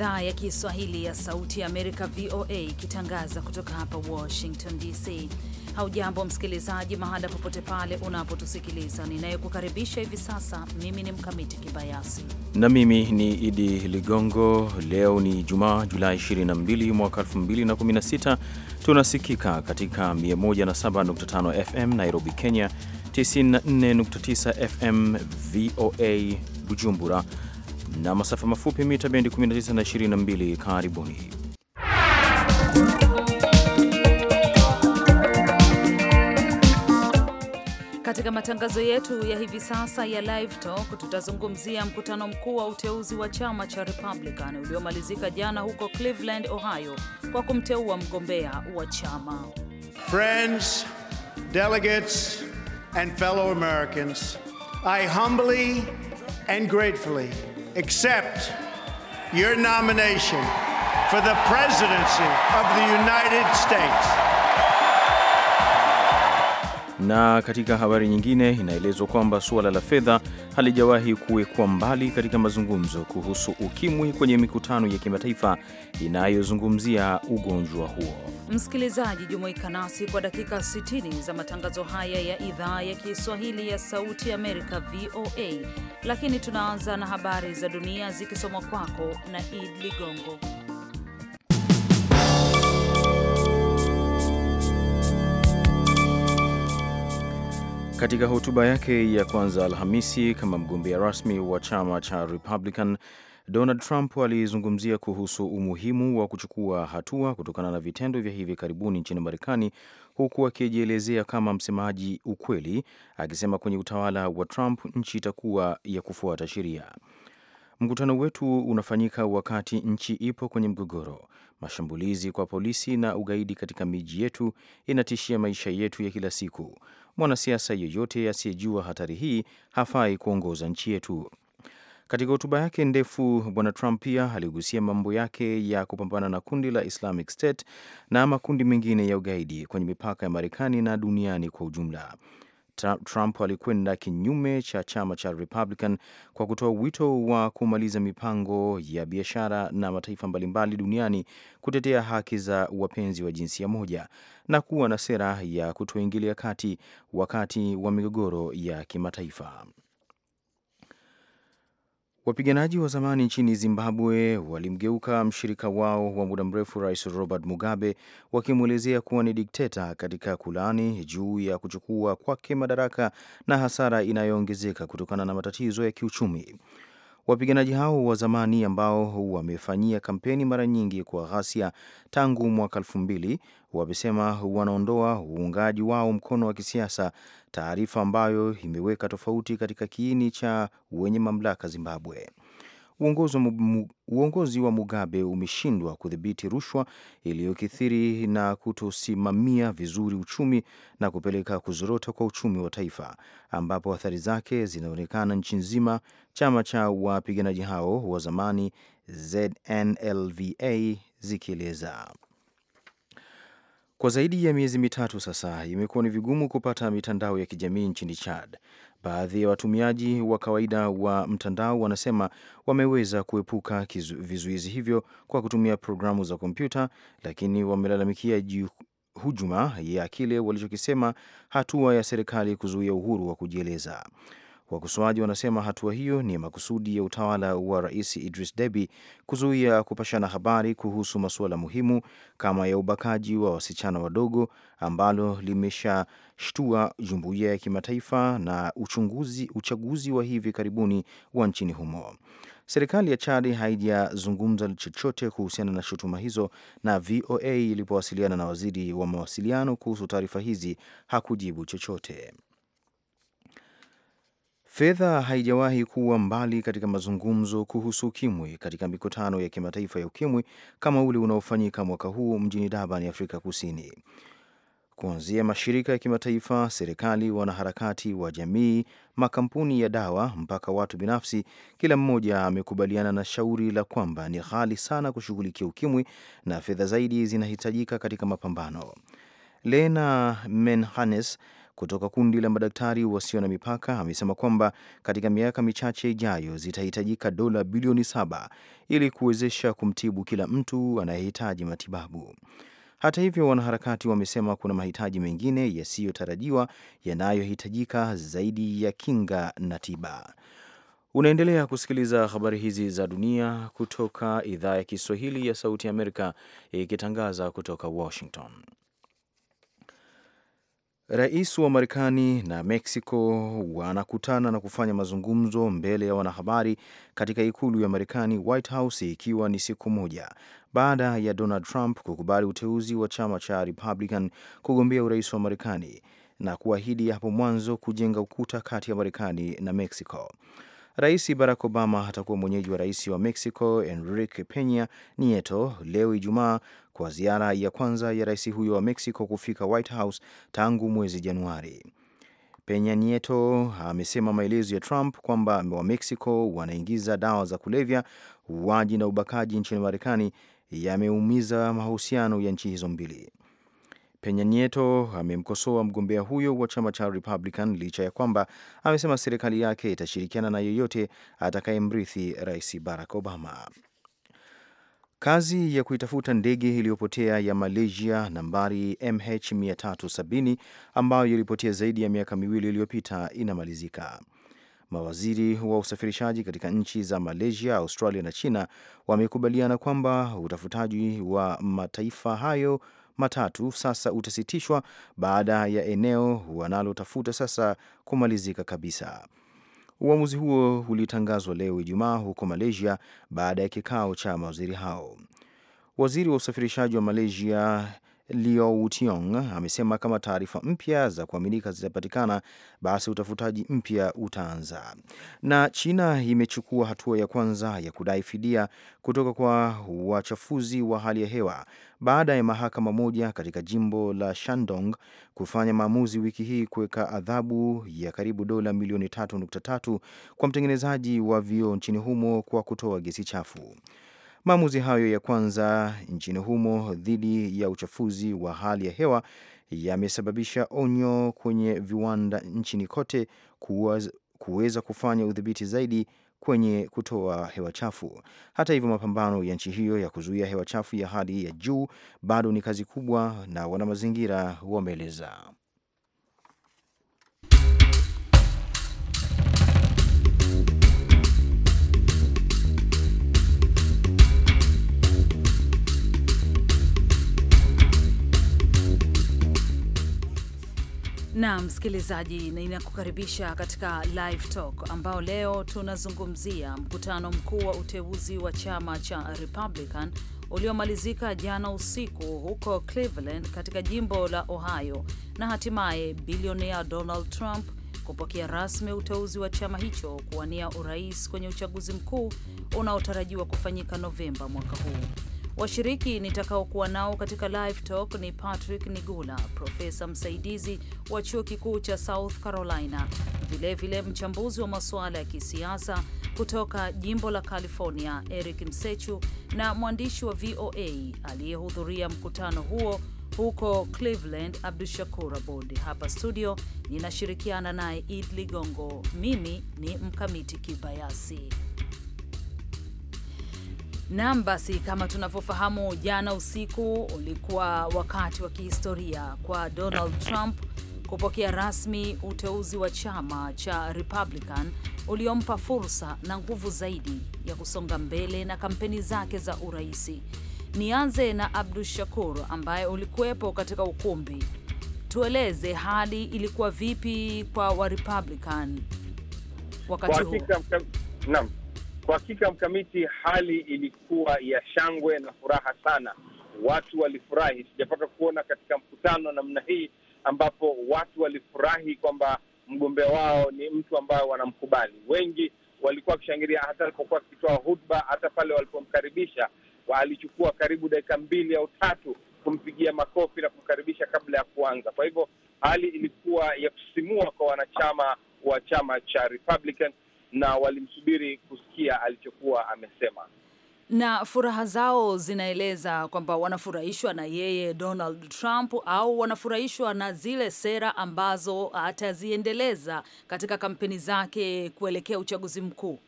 idhaa ya Kiswahili ya Sauti ya Amerika, VOA, ikitangaza kutoka hapa Washington DC. Haujambo msikilizaji, mahala popote pale unapotusikiliza. Ninayekukaribisha hivi sasa mimi ni Mkamiti Kibayasi na mimi ni Idi Ligongo. Leo ni Jumaa, Julai 22 mwaka 2016. Tunasikika katika 107.5 FM Nairobi, Kenya, 94.9 FM VOA Bujumbura na masafa mafupi mita bendi 19 na 22. Karibuni katika matangazo yetu ya hivi sasa ya Live Talk. Tutazungumzia mkutano mkuu wa uteuzi wa chama cha Republican uliomalizika jana huko Cleveland, Ohio, kwa kumteua mgombea wa chama. Friends, delegates and fellow Americans, I humbly and gratefully accept your nomination for the presidency of the United States. Na katika habari nyingine, inaelezwa kwamba suala la fedha halijawahi kuwekwa mbali katika mazungumzo kuhusu ukimwi kwenye mikutano ya kimataifa inayozungumzia ugonjwa huo. Msikilizaji, jumuika nasi kwa dakika 60 za matangazo haya ya idhaa ya Kiswahili ya Sauti ya Amerika, VOA, lakini tunaanza na habari za dunia zikisomwa kwako na Id Ligongo. Katika hotuba yake ya kwanza Alhamisi kama mgombea rasmi wa chama cha Republican, Donald Trump alizungumzia kuhusu umuhimu wa kuchukua hatua kutokana na vitendo vya hivi karibuni nchini Marekani, huku akijielezea kama msemaji ukweli, akisema kwenye utawala wa Trump nchi itakuwa ya kufuata sheria. Mkutano wetu unafanyika wakati nchi ipo kwenye mgogoro. Mashambulizi kwa polisi na ugaidi katika miji yetu inatishia maisha yetu ya kila siku. Mwanasiasa yeyote asiyejua hatari hii hafai kuongoza nchi yetu. Katika hotuba yake ndefu, Bwana Trump pia aligusia mambo yake ya kupambana na kundi la Islamic State na makundi mengine ya ugaidi kwenye mipaka ya Marekani na duniani kwa ujumla. Trump alikwenda kinyume cha chama cha Republican kwa kutoa wito wa kumaliza mipango ya biashara na mataifa mbalimbali duniani kutetea haki za wapenzi wa jinsia moja na kuwa na sera ya kutoingilia kati wakati wa migogoro ya kimataifa. Wapiganaji wa zamani nchini Zimbabwe walimgeuka mshirika wao wa muda mrefu Rais Robert Mugabe, wakimwelezea kuwa ni dikteta, katika kulani juu ya kuchukua kwake madaraka na hasara inayoongezeka kutokana na matatizo ya kiuchumi. Wapiganaji hao wa zamani ambao wamefanyia kampeni mara nyingi kwa ghasia tangu mwaka elfu mbili wamesema wanaondoa uungaji wao mkono wa kisiasa, taarifa ambayo imeweka tofauti katika kiini cha wenye mamlaka Zimbabwe. Uongozi wa Mugabe umeshindwa kudhibiti rushwa iliyokithiri na kutosimamia vizuri uchumi na kupeleka kuzorota kwa uchumi wa taifa, ambapo athari zake zinaonekana nchi nzima. Chama cha wapiganaji hao wa zamani ZNLVA zikieleza kwa zaidi ya miezi mitatu sasa, imekuwa ni vigumu kupata mitandao ya kijamii nchini Chad. Baadhi ya watumiaji wa kawaida wa mtandao wanasema wameweza kuepuka vizuizi hivyo kwa kutumia programu za kompyuta, lakini wamelalamikia hujuma ya kile walichokisema hatua ya serikali kuzuia uhuru wa kujieleza. Wakosoaji wanasema hatua hiyo ni makusudi ya utawala wa Rais Idris Deby kuzuia kupashana habari kuhusu masuala muhimu kama ya ubakaji wa wasichana wadogo ambalo limeshashtua jumuiya ya kimataifa na uchunguzi, uchaguzi wa hivi karibuni wa nchini humo. Serikali ya chadi haijazungumza chochote kuhusiana na shutuma hizo, na VOA ilipowasiliana na waziri wa mawasiliano kuhusu taarifa hizi hakujibu chochote. Fedha haijawahi kuwa mbali katika mazungumzo kuhusu ukimwi katika mikutano ya kimataifa ya ukimwi kama ule unaofanyika mwaka huu mjini Durban, Afrika Kusini. Kuanzia mashirika ya kimataifa, serikali, wanaharakati wa jamii, makampuni ya dawa mpaka watu binafsi, kila mmoja amekubaliana na shauri la kwamba ni ghali sana kushughulikia ukimwi na fedha zaidi zinahitajika katika mapambano. Lena Menhanes kutoka kundi la madaktari wasio na mipaka amesema kwamba katika miaka michache ijayo zitahitajika dola bilioni saba ili kuwezesha kumtibu kila mtu anayehitaji matibabu. Hata hivyo, wanaharakati wamesema kuna mahitaji mengine yasiyotarajiwa yanayohitajika zaidi ya kinga na tiba. Unaendelea kusikiliza habari hizi za dunia kutoka idhaa ya Kiswahili ya Sauti ya Amerika ikitangaza kutoka Washington. Rais wa Marekani na Mexico wanakutana na kufanya mazungumzo mbele ya wanahabari katika ikulu ya Marekani, White House, ikiwa ni siku moja baada ya Donald Trump kukubali uteuzi wa chama cha Republican kugombea urais wa Marekani na kuahidi hapo mwanzo kujenga ukuta kati ya Marekani na Mexico. Rais Barack Obama atakuwa mwenyeji wa rais wa Mexico Enrique Pena Nieto leo Ijumaa kwa ziara ya kwanza ya rais huyo wa Mexico kufika White House tangu mwezi Januari. Penya Nieto amesema maelezo ya Trump kwamba Wamexico wanaingiza dawa za kulevya, uuaji na ubakaji nchini Marekani yameumiza mahusiano ya nchi hizo mbili. Penya Nieto amemkosoa mgombea huyo wa chama cha Republican licha ya kwamba amesema serikali yake itashirikiana na yeyote atakayemrithi Rais Barack Obama. Kazi ya kuitafuta ndege iliyopotea ya Malaysia nambari MH370 ambayo ilipotea zaidi ya miaka miwili iliyopita inamalizika. Mawaziri wa usafirishaji katika nchi za Malaysia, Australia na China wamekubaliana kwamba utafutaji wa mataifa hayo matatu sasa utasitishwa baada ya eneo wanalotafuta sasa kumalizika kabisa. Uamuzi huo ulitangazwa leo Ijumaa huko Malaysia baada ya kikao cha mawaziri hao. Waziri wa usafirishaji wa Malaysia Utiong amesema kama taarifa mpya za kuaminika zitapatikana, basi utafutaji mpya utaanza. Na China imechukua hatua ya kwanza ya kudai fidia kutoka kwa wachafuzi wa hali ya hewa baada ya mahakama moja katika jimbo la Shandong kufanya maamuzi wiki hii kuweka adhabu ya karibu dola milioni 3.3 kwa mtengenezaji wa vioo nchini humo kwa kutoa gesi chafu. Maamuzi hayo ya kwanza nchini humo dhidi ya uchafuzi wa hali ya hewa yamesababisha onyo kwenye viwanda nchini kote kuweza kufanya udhibiti zaidi kwenye kutoa hewa chafu. Hata hivyo, mapambano ya nchi hiyo ya kuzuia hewa chafu ya hali ya juu bado ni kazi kubwa, na wanamazingira wameeleza. Na msikilizaji, ninakukaribisha katika Live Talk ambao leo tunazungumzia mkutano mkuu wa uteuzi wa chama cha Republican uliomalizika jana usiku huko Cleveland katika jimbo la Ohio, na hatimaye bilionea Donald Trump kupokea rasmi uteuzi wa chama hicho kuwania urais kwenye uchaguzi mkuu unaotarajiwa kufanyika Novemba mwaka huu. Washiriki nitakaokuwa nao katika live talk ni Patrick Nigula, profesa msaidizi wa chuo kikuu cha South Carolina, vilevile vile mchambuzi wa masuala ya kisiasa kutoka jimbo la California, Eric Msechu, na mwandishi wa VOA aliyehudhuria mkutano huo huko Cleveland, Shakur Abud. Hapa studio ninashirikiana naye Id Ligongo. Mimi ni Mkamiti Kibayasi. Naam, basi kama tunavyofahamu, jana usiku ulikuwa wakati wa kihistoria kwa Donald Trump kupokea rasmi uteuzi wa chama cha Republican uliompa fursa na nguvu zaidi ya kusonga mbele na kampeni zake za uraisi. Nianze na Abdu Shakur ambaye ulikuwepo katika ukumbi, tueleze hali ilikuwa vipi kwa Warepublican wakati huo? Naam, kwa hakika Mkamiti, hali ilikuwa ya shangwe na furaha sana, watu walifurahi. Sijapata kuona katika mkutano namna hii ambapo watu walifurahi kwamba mgombea wao ni mtu ambayo wanamkubali. Wengi walikuwa wakishangilia, hata alipokuwa akitoa hutba hata pale walipomkaribisha alichukua karibu dakika mbili au tatu kumpigia makofi na kumkaribisha kabla ya kuanza. Kwa hivyo hali ilikuwa ya kusisimua kwa wanachama wa chama cha Republican na walimsubiri kusikia alichokuwa amesema na furaha zao zinaeleza kwamba wanafurahishwa na yeye Donald Trump au wanafurahishwa na zile sera ambazo ataziendeleza katika kampeni zake kuelekea uchaguzi mkuu.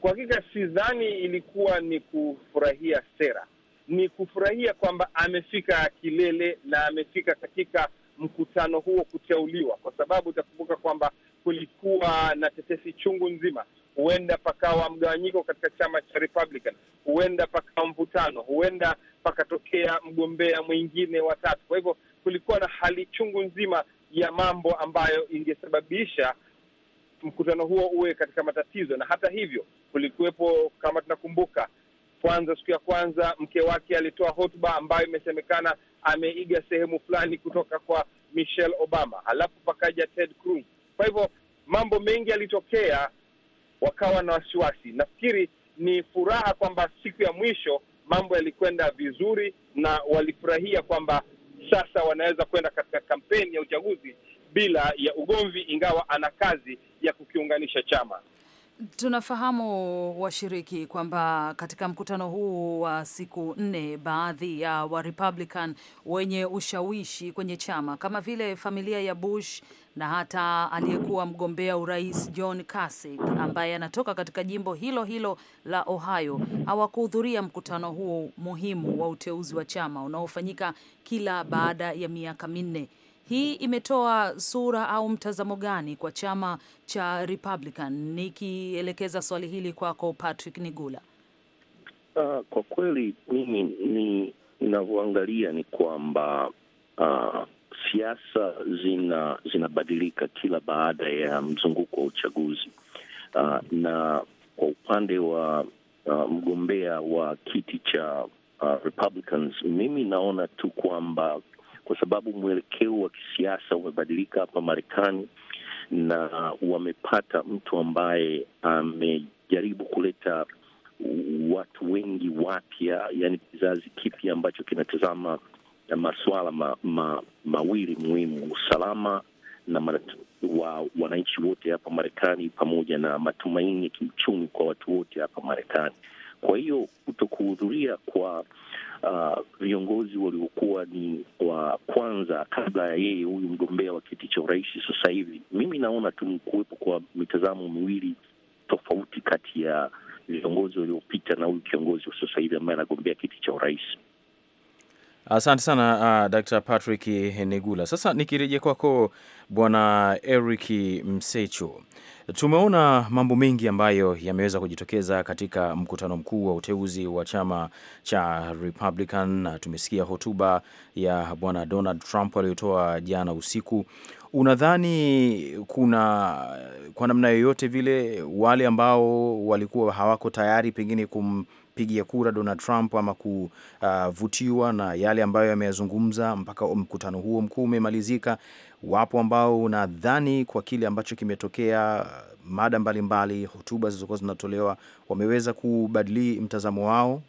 Kwa hakika, sidhani ilikuwa ni kufurahia sera, ni kufurahia kwamba amefika kilele na amefika katika mkutano huo kuteuliwa, kwa sababu utakumbuka kwamba kulikuwa na tetesi chungu nzima. Huenda pakawa mgawanyiko katika chama cha Republican, huenda pakawa mvutano, huenda pakatokea mgombea mwingine watatu. Kwa hivyo kulikuwa na hali chungu nzima ya mambo ambayo ingesababisha mkutano huo uwe katika matatizo. Na hata hivyo kulikuwepo, kama tunakumbuka, kwanza siku ya kwanza mke wake alitoa hotuba ambayo imesemekana ameiga sehemu fulani kutoka kwa Michelle Obama, halafu pakaja Ted Cruz. Kwa hivyo mambo mengi yalitokea, wakawa na wasiwasi. Nafikiri ni furaha kwamba siku ya mwisho mambo yalikwenda vizuri na walifurahia kwamba sasa wanaweza kwenda katika kampeni ya uchaguzi bila ya ugomvi, ingawa ana kazi ya kukiunganisha chama. Tunafahamu washiriki kwamba katika mkutano huu wa siku nne, baadhi ya wa Republican wenye ushawishi kwenye chama kama vile familia ya Bush na hata aliyekuwa mgombea urais John Kasich ambaye anatoka katika jimbo hilo hilo la Ohio hawakuhudhuria mkutano huo muhimu wa uteuzi wa chama unaofanyika kila baada ya miaka minne. Hii imetoa sura au mtazamo gani kwa chama cha Republican? Nikielekeza swali hili kwako Patrick Nigula. Uh, kwa kweli mimi ni ninavyoangalia ni kwamba uh, siasa zina zinabadilika kila baada ya mzunguko wa uchaguzi uh, na kwa upande wa uh, mgombea wa kiti cha uh, Republicans, mimi naona tu kwamba kwa sababu mwelekeo wa kisiasa umebadilika hapa Marekani, na wamepata mtu ambaye amejaribu kuleta watu wengi wapya, yani kizazi kipya ambacho kinatazama masuala ma, ma, mawili muhimu: usalama na wa wananchi wote hapa Marekani pamoja na matumaini ya kiuchumi kwa watu wote hapa Marekani. Kwa hiyo kuto kuhudhuria kwa uh, viongozi waliokuwa ni wa kwanza kabla ya yeye huyu mgombea wa kiti cha urais sasa hivi, mimi naona tu ni kuwepo kwa mitazamo miwili tofauti kati ya viongozi waliopita na huyu kiongozi wa sasa hivi ambaye anagombea kiti cha urais. Asante sana uh, Dr. Patrick Negula. Sasa nikirejea kwako Bwana Eric Msechu, tumeona mambo mengi ambayo yameweza kujitokeza katika mkutano mkuu wa uteuzi wa chama cha Republican na tumesikia hotuba ya Bwana Donald Trump aliyotoa jana usiku. Unadhani kuna kwa namna yoyote vile wale ambao walikuwa hawako tayari pengine kum kumpigia kura Donald Trump ama kuvutiwa na yale ambayo yameyazungumza mpaka mkutano huo mkuu umemalizika. Wapo ambao unadhani kwa kile ambacho kimetokea, mada mbalimbali, hotuba zilizokuwa zinatolewa, wameweza kubadili mtazamo wao.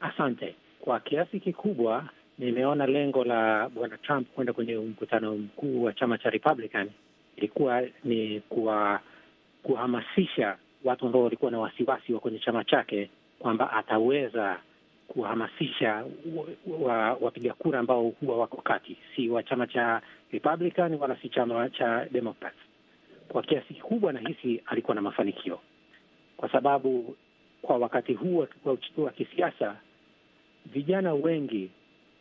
Asante kwa kiasi kikubwa. Nimeona lengo la bwana Trump kwenda kwenye mkutano mkuu wa chama cha Republican ilikuwa ni kuwa, kuhamasisha watu ambao walikuwa na wasiwasi wa kwenye chama chake kwamba ataweza kuwahamasisha wapiga wa, wa kura ambao huwa wako kati, si wa chama cha Republican wala si chama cha Democrats. Kwa kiasi kikubwa nahisi alikuwa na mafanikio, kwa sababu kwa wakati huu wa kisiasa vijana wengi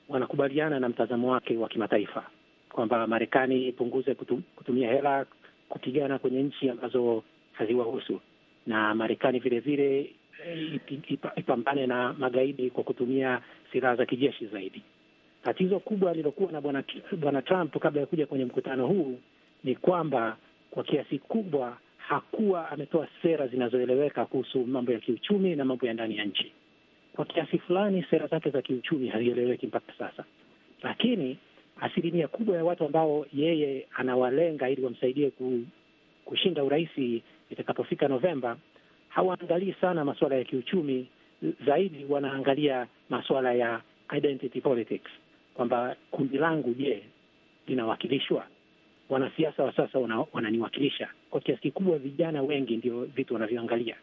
wanakubaliana na mtazamo wake wa kimataifa kwamba Marekani ipunguze kutumia hela kupigana kwenye nchi ambazo haziwahusu na Marekani vilevile eh, ipambane na magaidi kwa kutumia silaha za kijeshi zaidi. Tatizo kubwa lilokuwa na bwana bwana Trump kabla ya kuja kwenye mkutano huu ni kwamba kwa kiasi kubwa hakuwa ametoa sera zinazoeleweka kuhusu mambo ya kiuchumi na mambo ya ndani ya nchi. Kwa kiasi fulani sera zake za kiuchumi hazieleweki mpaka sasa, lakini asilimia kubwa ya watu ambao yeye anawalenga ili wamsaidie kushinda urahisi itakapofika Novemba hawaangalii sana masuala ya kiuchumi, zaidi wanaangalia masuala ya identity politics, kwamba kundi langu, je, linawakilishwa? Wanasiasa wa sasa wananiwakilisha? Wana kwa kiasi kikubwa vijana wengi ndio vitu wanavyoangalia,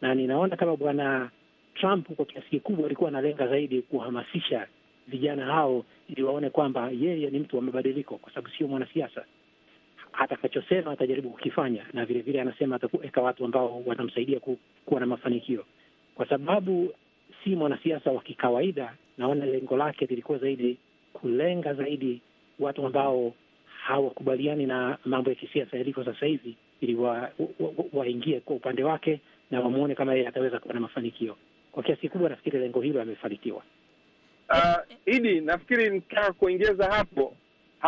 na ninaona kama bwana Trump kwa kiasi kikubwa alikuwa analenga zaidi kuhamasisha vijana hao ili waone kwamba yeye ni mtu wa mabadiliko, kwa sababu sio mwanasiasa atakachosema atajaribu kukifanya, na vilevile vile anasema atakuweka watu ambao watamsaidia ku, kuwa na mafanikio, kwa sababu si mwanasiasa wa kikawaida. Naona lengo lake lilikuwa zaidi kulenga zaidi watu ambao hawakubaliani na mambo ya kisiasa yaliko sasa hivi, ili waingie wa, wa kwa upande wake na wamwone kama yeye ataweza kuwa na mafanikio. Kwa kiasi kikubwa nafikiri lengo hilo amefanikiwa. Uh, Idi, nafikiri nitaka kuongeza hapo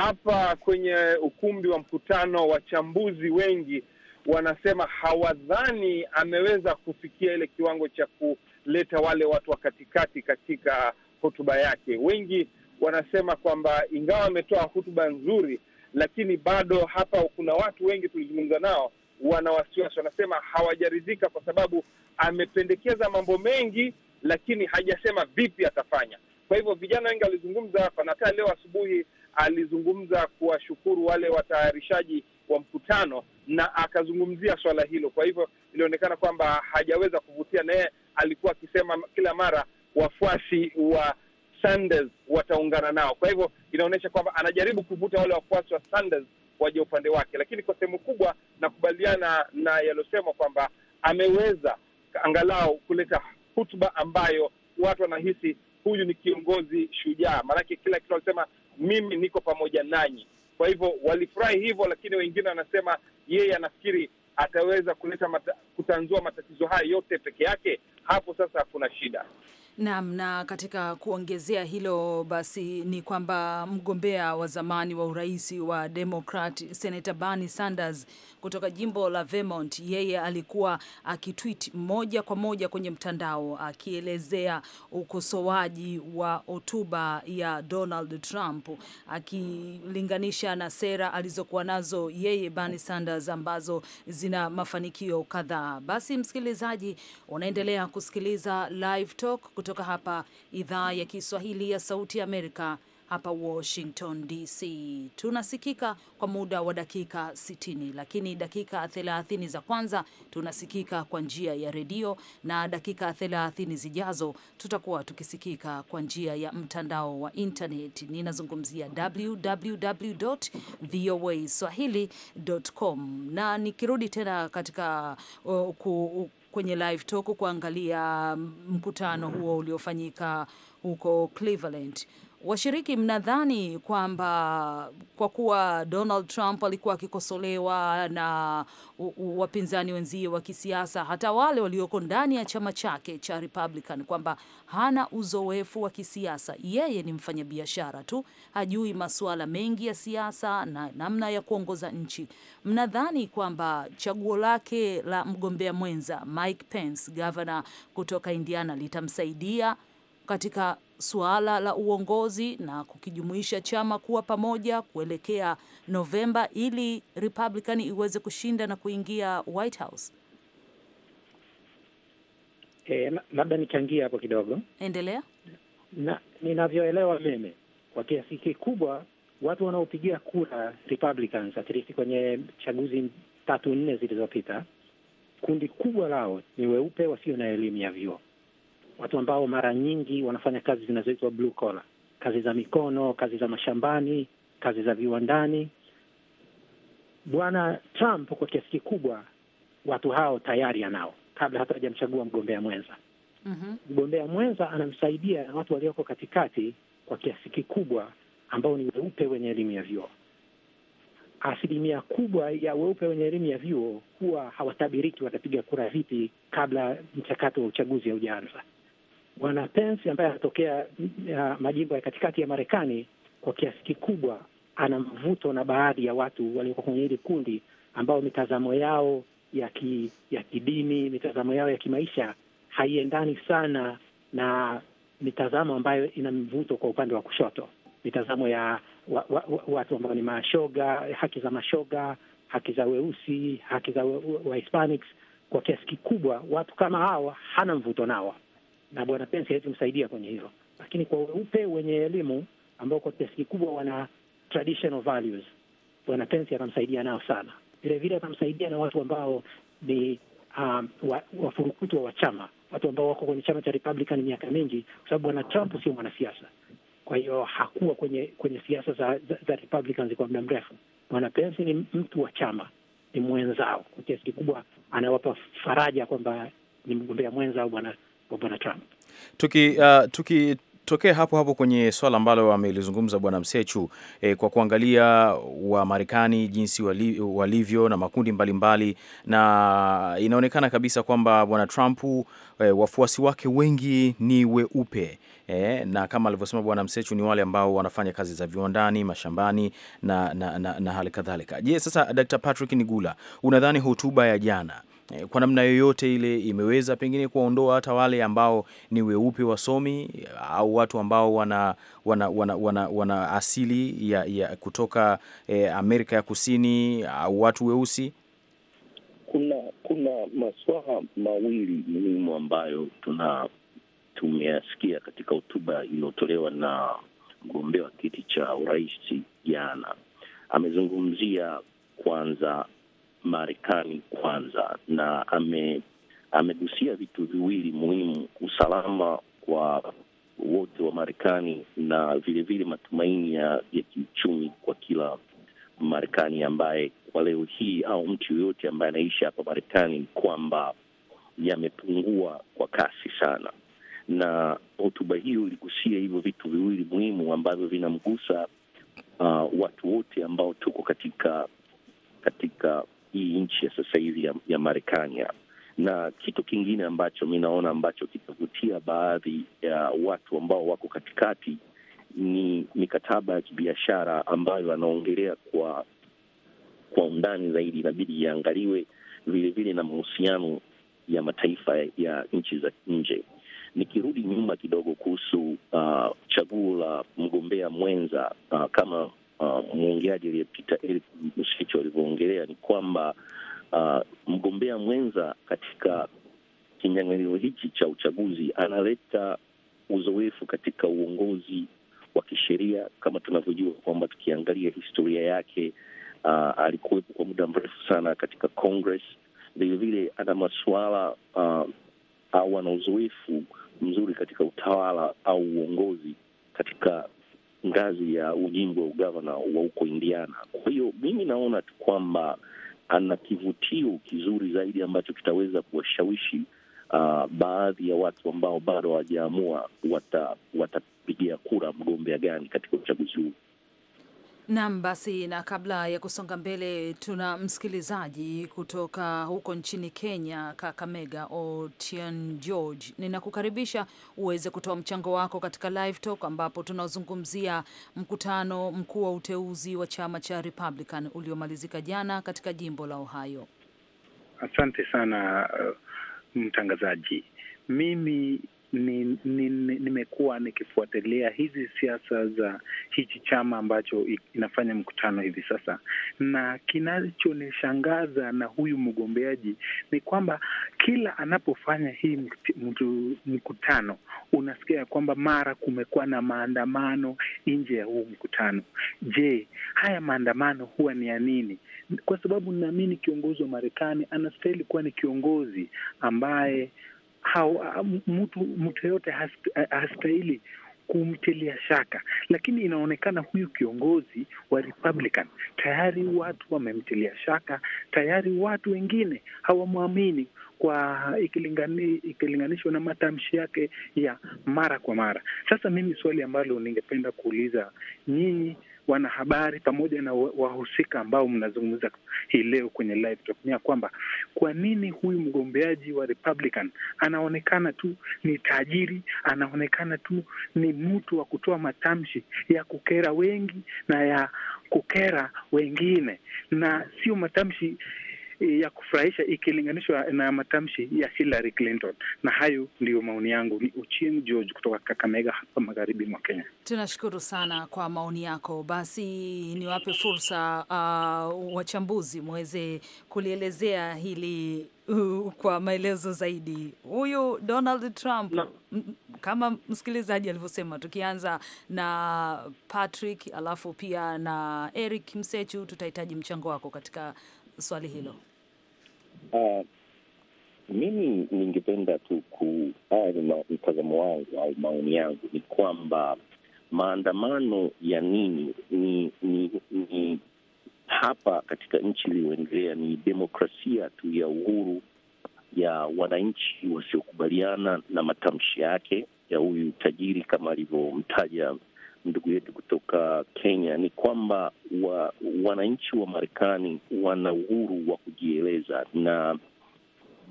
hapa kwenye ukumbi wa mkutano, wachambuzi wengi wanasema hawadhani ameweza kufikia ile kiwango cha kuleta wale watu wa katikati katika hotuba yake. Wengi wanasema kwamba ingawa ametoa hotuba nzuri, lakini bado hapa kuna watu wengi tulizungumza nao wana wasiwasi, wanasema hawajaridhika kwa sababu amependekeza mambo mengi, lakini hajasema vipi atafanya. Kwa hivyo vijana wengi walizungumza hapa, na hata leo asubuhi alizungumza kuwashukuru wale watayarishaji wa mkutano na akazungumzia swala hilo. Kwa hivyo ilionekana kwamba hajaweza kuvutia, na yeye alikuwa akisema kila mara wafuasi wa Sanders wataungana nao. Kwa hivyo inaonyesha kwamba anajaribu kuvuta wale wafuasi wa Sanders waje upande wake, lakini kwa sehemu kubwa nakubaliana na, na yaliyosemwa kwamba ameweza angalau kuleta hutuba ambayo watu wanahisi huyu ni kiongozi shujaa, maanake kila kitu alisema mimi niko pamoja nanyi. Kwa hivyo walifurahi hivyo, lakini wengine wanasema yeye anafikiri ataweza kuleta mata, kutanzua matatizo haya yote peke yake. Hapo sasa hakuna shida. Naam, na katika kuongezea hilo basi ni kwamba mgombea wa zamani wa urais wa demokrat Senator Bernie Sanders kutoka jimbo la Vermont, yeye alikuwa akitweet moja kwa moja kwenye mtandao akielezea ukosoaji wa hotuba ya Donald Trump akilinganisha na sera alizokuwa nazo yeye Bernie Sanders ambazo zina mafanikio kadhaa. Basi msikilizaji, unaendelea kusikiliza Live Talk kutoka hapa idhaa ya Kiswahili ya Sauti Amerika hapa Washington DC. Tunasikika kwa muda wa dakika 60, lakini dakika 30 za kwanza tunasikika kwa njia ya redio na dakika 30 zijazo tutakuwa tukisikika kwa njia ya mtandao wa internet. Ninazungumzia www.voaswahili.com, na nikirudi tena katika uh, ku, kwenye live talk kuangalia mm, mkutano huo uliofanyika huko Cleveland washiriki, mnadhani kwamba kwa kuwa Donald Trump alikuwa akikosolewa na wapinzani wenzie wa kisiasa, hata wale walioko ndani ya chama chake cha Republican, kwamba hana uzoefu wa kisiasa, yeye ni mfanyabiashara tu, hajui masuala mengi ya siasa na namna ya kuongoza nchi, mnadhani kwamba chaguo lake la mgombea mwenza Mike Pence, gavana kutoka Indiana, litamsaidia katika suala la uongozi na kukijumuisha chama kuwa pamoja kuelekea Novemba ili Republican iweze kushinda na kuingia White House? Eh, labda nichangie hapo kidogo. Endelea. Na ninavyoelewa mimi kwa kiasi kikubwa watu wanaopigia kura Republicans atirisi kwenye chaguzi tatu nne zilizopita, kundi kubwa lao ni weupe wasio na elimu ya vyuo watu ambao mara nyingi wanafanya kazi zinazoitwa blue collar, kazi za mikono, kazi za mashambani, kazi za viwandani. Bwana Trump kwa kiasi kikubwa watu hao tayari anao kabla hata hajamchagua mgombea mwenza. Mhm. Mgombea mm -hmm. mwenza anamsaidia watu walioko katikati kwa kiasi kikubwa, ambao ni weupe wenye elimu ya vyuo. Asilimia kubwa ya weupe wenye elimu ya vyuo huwa hawatabiriki watapiga kura vipi kabla mchakato wa uchaguzi haujaanza. Bwana Pence ambaye anatokea majimbo ya katikati ya Marekani kwa kiasi kikubwa ana mvuto na baadhi ya watu walioko kwenye hili kundi ambao mitazamo yao ya ki, ya kidini, mitazamo yao ya kimaisha haiendani sana na mitazamo ambayo ina mvuto kwa upande wa kushoto, mitazamo ya wa, wa, wa, watu ambao ni mashoga, haki za mashoga, haki za weusi, haki za Wahispanics. Kwa kiasi kikubwa watu kama hawa hana mvuto nao na Bwana Pensi hawezi kumsaidia kwenye hilo, lakini kwa weupe wenye elimu ambao kwa kiasi kikubwa wana traditional values, Bwana Pensi atamsaidia nao sana. Vilevile atamsaidia na watu ambao ni um, wafurukutwa wa chama, watu ambao wako kwenye chama cha Republican miaka mingi, kwa sababu Bwana Trump sio mwanasiasa kwa hiyo hakuwa kwenye kwenye siasa za, za, za Republicans kwa muda mrefu. Bwana Pence ni mtu wa chama, ni mwenzao kwa kiasi kikubwa, anawapa faraja kwamba ni mgombea mwenzao bwana wa bwana Trump. Tuki uh, tuki tokea hapo hapo kwenye swala ambalo amelizungumza bwana Msechu eh, kwa kuangalia Wamarekani jinsi wali, walivyo na makundi mbalimbali mbali, na inaonekana kabisa kwamba bwana Trump eh, wafuasi wake wengi ni weupe eh, na kama alivyosema bwana Msechu ni wale ambao wanafanya kazi za viwandani, mashambani na, na, na, na hali kadhalika. Je, sasa Dr. Patrick Nigula, unadhani hotuba ya jana Eh, kwa namna yoyote ile imeweza pengine kuwaondoa hata wale ambao ni weupe wasomi eh, au watu ambao wana, wana, wana, wana, wana asili ya, ya kutoka eh, Amerika ya Kusini au watu weusi? Kuna kuna masuala mawili muhimu ambayo tuna tumeyasikia katika hotuba iliyotolewa na mgombea wa kiti cha urais jana. Amezungumzia kwanza Marekani kwanza, na amegusia ame vitu viwili muhimu: usalama kwa wote wa Marekani na vilevile vile matumaini ya kiuchumi kwa kila Marekani ambaye kwa leo hii au mtu yoyote ambaye anaishi hapa Marekani, kwamba yamepungua kwa kasi sana. Na hotuba hiyo iligusia hivyo vitu viwili muhimu ambavyo vinamgusa uh, watu wote ambao tuko katika katika hii nchi ya sasa hivi ya, ya Marekani hapa. Na kitu kingine ambacho mi naona ambacho kitavutia baadhi ya watu ambao wako katikati ni mikataba ya kibiashara ambayo anaongelea kwa kwa undani zaidi, inabidi iangaliwe vilevile na mahusiano ya mataifa ya nchi za nje. Nikirudi nyuma kidogo kuhusu uh, chaguo la mgombea mwenza uh, kama uh, mwongeaji aliyepita Msikichi walivyoongelea ni kwamba uh, mgombea mwenza katika kinyang'anyiro hichi cha uchaguzi analeta uzoefu katika uongozi wa kisheria, kama tunavyojua kwamba tukiangalia historia yake uh, alikuwepo kwa muda mrefu sana katika Congress. Vilevile ana masuala uh, au ana uzoefu mzuri katika utawala au uongozi katika ngazi ya ujingwa wa ugavana wa huko Indiana. Kwa hiyo mimi naona tu kwamba ana kivutio kizuri zaidi ambacho kitaweza kuwashawishi uh, baadhi ya watu ambao bado hawajaamua watapigia wata kura mgombea gani katika uchaguzi huu. Nam basi, na kabla ya kusonga mbele, tuna msikilizaji kutoka huko nchini Kenya, Kakamega Otian George. Ninakukaribisha uweze kutoa mchango wako katika Live Talk ambapo tunazungumzia mkutano mkuu wa uteuzi wa chama cha Republican uliomalizika jana katika jimbo la Ohio. Asante sana uh, mtangazaji. Mimi nimekuwa ni, ni nikifuatilia hizi siasa za hichi chama ambacho inafanya mkutano hivi sasa, na kinachonishangaza na huyu mgombeaji ni kwamba kila anapofanya hii mkutano unasikia ya kwamba mara kumekuwa na maandamano nje ya huu mkutano. Je, haya maandamano huwa ni ya nini? Kwa sababu ninaamini kiongozi wa Marekani anastahili kuwa ni kiongozi ambaye mtu mtu yoyote hastahili kumtilia shaka, lakini inaonekana huyu kiongozi wa Republican tayari watu wamemtilia shaka, tayari watu wengine hawamwamini kwa ikilingani, ikilinganishwa na matamshi yake ya mara kwa mara. Sasa mimi swali ambalo ningependa kuuliza nyinyi wanahabari pamoja na wahusika ambao mnazungumza hii leo kwenye live talk ni ya kwamba kwa nini huyu mgombeaji wa Republican anaonekana tu ni tajiri, anaonekana tu ni mtu wa kutoa matamshi ya kukera wengi na ya kukera wengine, na sio matamshi Eh, ya kufurahisha ikilinganishwa na matamshi ya Hillary Clinton. Na hayo ndiyo maoni yangu. Ni uchimu George kutoka Kakamega, hapa magharibi mwa Kenya. Tunashukuru sana kwa maoni yako. Basi niwape fursa uh, wachambuzi mweze kulielezea hili uh, kwa maelezo zaidi. Huyu Donald Trump no. Kama msikilizaji alivyosema, tukianza na Patrick alafu pia na Eric Msechu, tutahitaji mchango wako katika swali hilo. Ah, mimi ningependa tu ku mtazamo wangu au maoni yangu ni kwamba maandamano ya nini ni, ni, ni hapa katika nchi iliyoendelea ni demokrasia tu ya uhuru ya wananchi wasiokubaliana na matamshi yake ya huyu tajiri kama alivyomtaja ndugu yetu kutoka Kenya ni kwamba wa, wananchi wa Marekani wana uhuru wa kujieleza na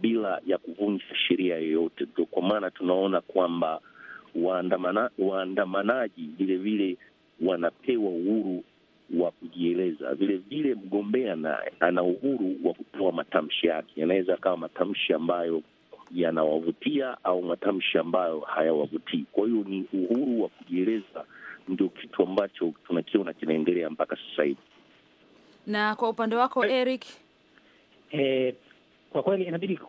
bila ya kuvunja sheria yoyote. kwa maana tunaona kwamba waandamana, waandamanaji vilevile wanapewa uhuru wa kujieleza. Vilevile mgombea naye ana uhuru wa kutoa matamshi yake, yanaweza akawa matamshi ambayo yanawavutia au matamshi ambayo hayawavutii. Kwa hiyo ni uhuru wa kujieleza ndio kitu ambacho tunakiona kinaendelea mpaka sasa hivi. Na kwa upande wako eh. Eric? Eh, kwa kweli inabidi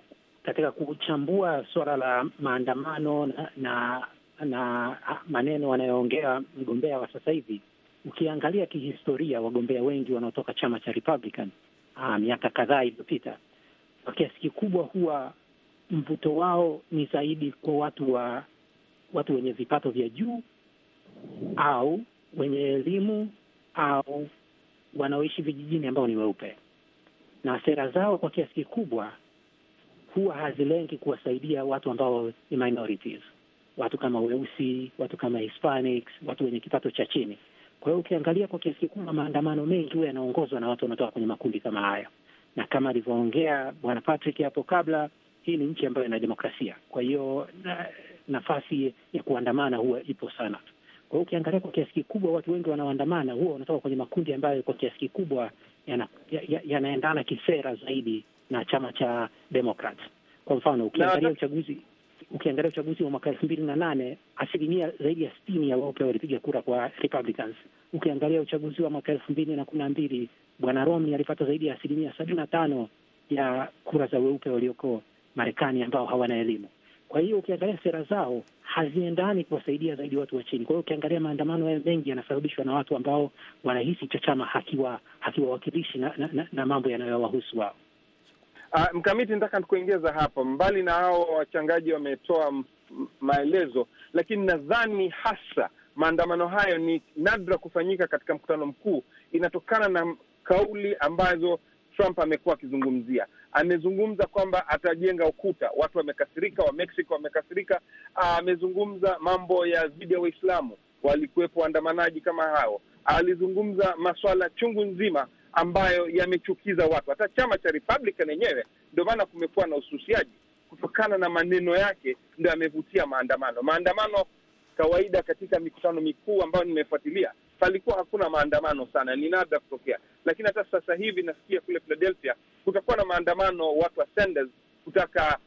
katika kuchambua suala la maandamano na, na na maneno wanayoongea mgombea wa sasa hivi, ukiangalia kihistoria, wagombea wengi wanaotoka chama cha Republican ah, miaka kadhaa iliyopita, kwa kiasi kikubwa huwa mvuto wao ni zaidi kwa watu wa watu wenye vipato vya juu au wenye elimu au wanaoishi vijijini ambao ni weupe, na sera zao kwa kiasi kikubwa huwa hazilengi kuwasaidia watu ambao ni minorities, watu kama weusi, watu kama Hispanics, watu wenye kipato cha chini. Kwa hiyo ukiangalia kwa kiasi kikubwa maandamano mengi huwa yanaongozwa na watu wanaotoka kwenye makundi kama hayo, na kama alivyoongea Bwana Patrick hapo kabla, hii ni nchi ambayo ina demokrasia. Kwa hiyo na, eh, nafasi ya kuandamana huwa ipo sana. Kwa hiyo ukiangalia kwa kiasi kikubwa watu wengi wanaoandamana huwa wanatoka kwenye makundi ambayo kwa kiasi kikubwa yanaendana ya, ya kisera zaidi na chama cha Demokrat. Kwa mfano ukiangalia uchaguzi ukiangalia uchaguzi wa mwaka elfu mbili na nane asilimia zaidi ya sitini ya weupe walipiga kura kwa Republicans. Ukiangalia uchaguzi wa mwaka elfu mbili na kumi na mbili bwana Romney alipata zaidi ya asilimia sabini na tano ya kura za weupe walioko Marekani ambao hawana elimu. Kwa hiyo ukiangalia sera zao haziendani kuwasaidia zaidi watu wa chini. Kwa hiyo ukiangalia maandamano hayo mengi yanasababishwa na watu ambao wanahisi cha chama hakiwawakilishi na, na, na, na mambo yanayowahusu wao. Uh, mkamiti nataka kuingiza hapa, mbali na hao wachangaji wametoa maelezo, lakini nadhani hasa maandamano hayo ni nadra kufanyika katika mkutano mkuu, inatokana na kauli ambazo Trump amekuwa akizungumzia amezungumza kwamba atajenga ukuta, watu wamekasirika, wa Mexico wamekasirika. Amezungumza mambo ya dhidi ya Waislamu, walikuwepo waandamanaji kama hao. Alizungumza maswala chungu nzima ambayo yamechukiza watu, hata chama cha Republican yenyewe, ndio maana kumekuwa na ususiaji kutokana na maneno yake, ndio yamevutia maandamano. Maandamano kawaida katika mikutano mikuu ambayo nimefuatilia palikuwa hakuna maandamano sana, ni nadra kutokea, lakini hata sasa hivi nasikia kule Philadelphia kutakuwa na maandamano, watu wa Sanders kutaka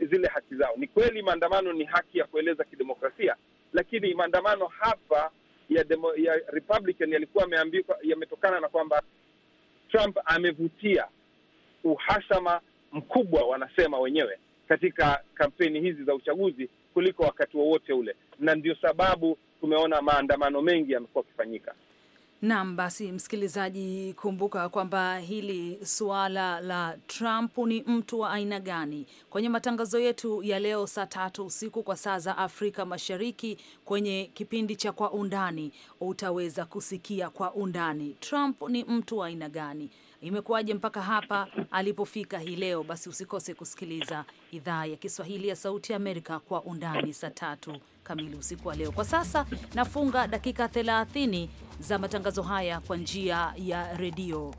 zile haki zao. Ni kweli maandamano ni haki ya kueleza kidemokrasia, lakini maandamano hapa ya, demo, ya Republican yalikuwa yameambiwa yametokana na kwamba Trump amevutia uhasama mkubwa, wanasema wenyewe, katika kampeni hizi za uchaguzi kuliko wakati wowote wa ule, na ndio sababu tumeona maandamano mengi yamekuwa akifanyika. Naam, basi msikilizaji, kumbuka kwamba hili suala la Trump ni mtu wa aina gani. Kwenye matangazo yetu ya leo saa tatu usiku kwa saa za Afrika Mashariki, kwenye kipindi cha Kwa Undani utaweza kusikia kwa undani Trump ni mtu wa aina gani imekuwaje mpaka hapa alipofika hii leo. Basi usikose kusikiliza idhaa ya Kiswahili ya Sauti ya Amerika kwa undani saa tatu kamili usiku wa leo. Kwa sasa nafunga dakika 30 za matangazo haya kwa njia ya redio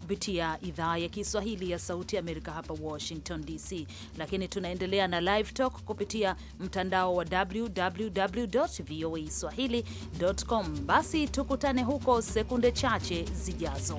kupitia idhaa ya Kiswahili ya Sauti ya Amerika hapa Washington DC, lakini tunaendelea na live talk kupitia mtandao wa www.voaswahili.com. Basi tukutane huko sekunde chache zijazo.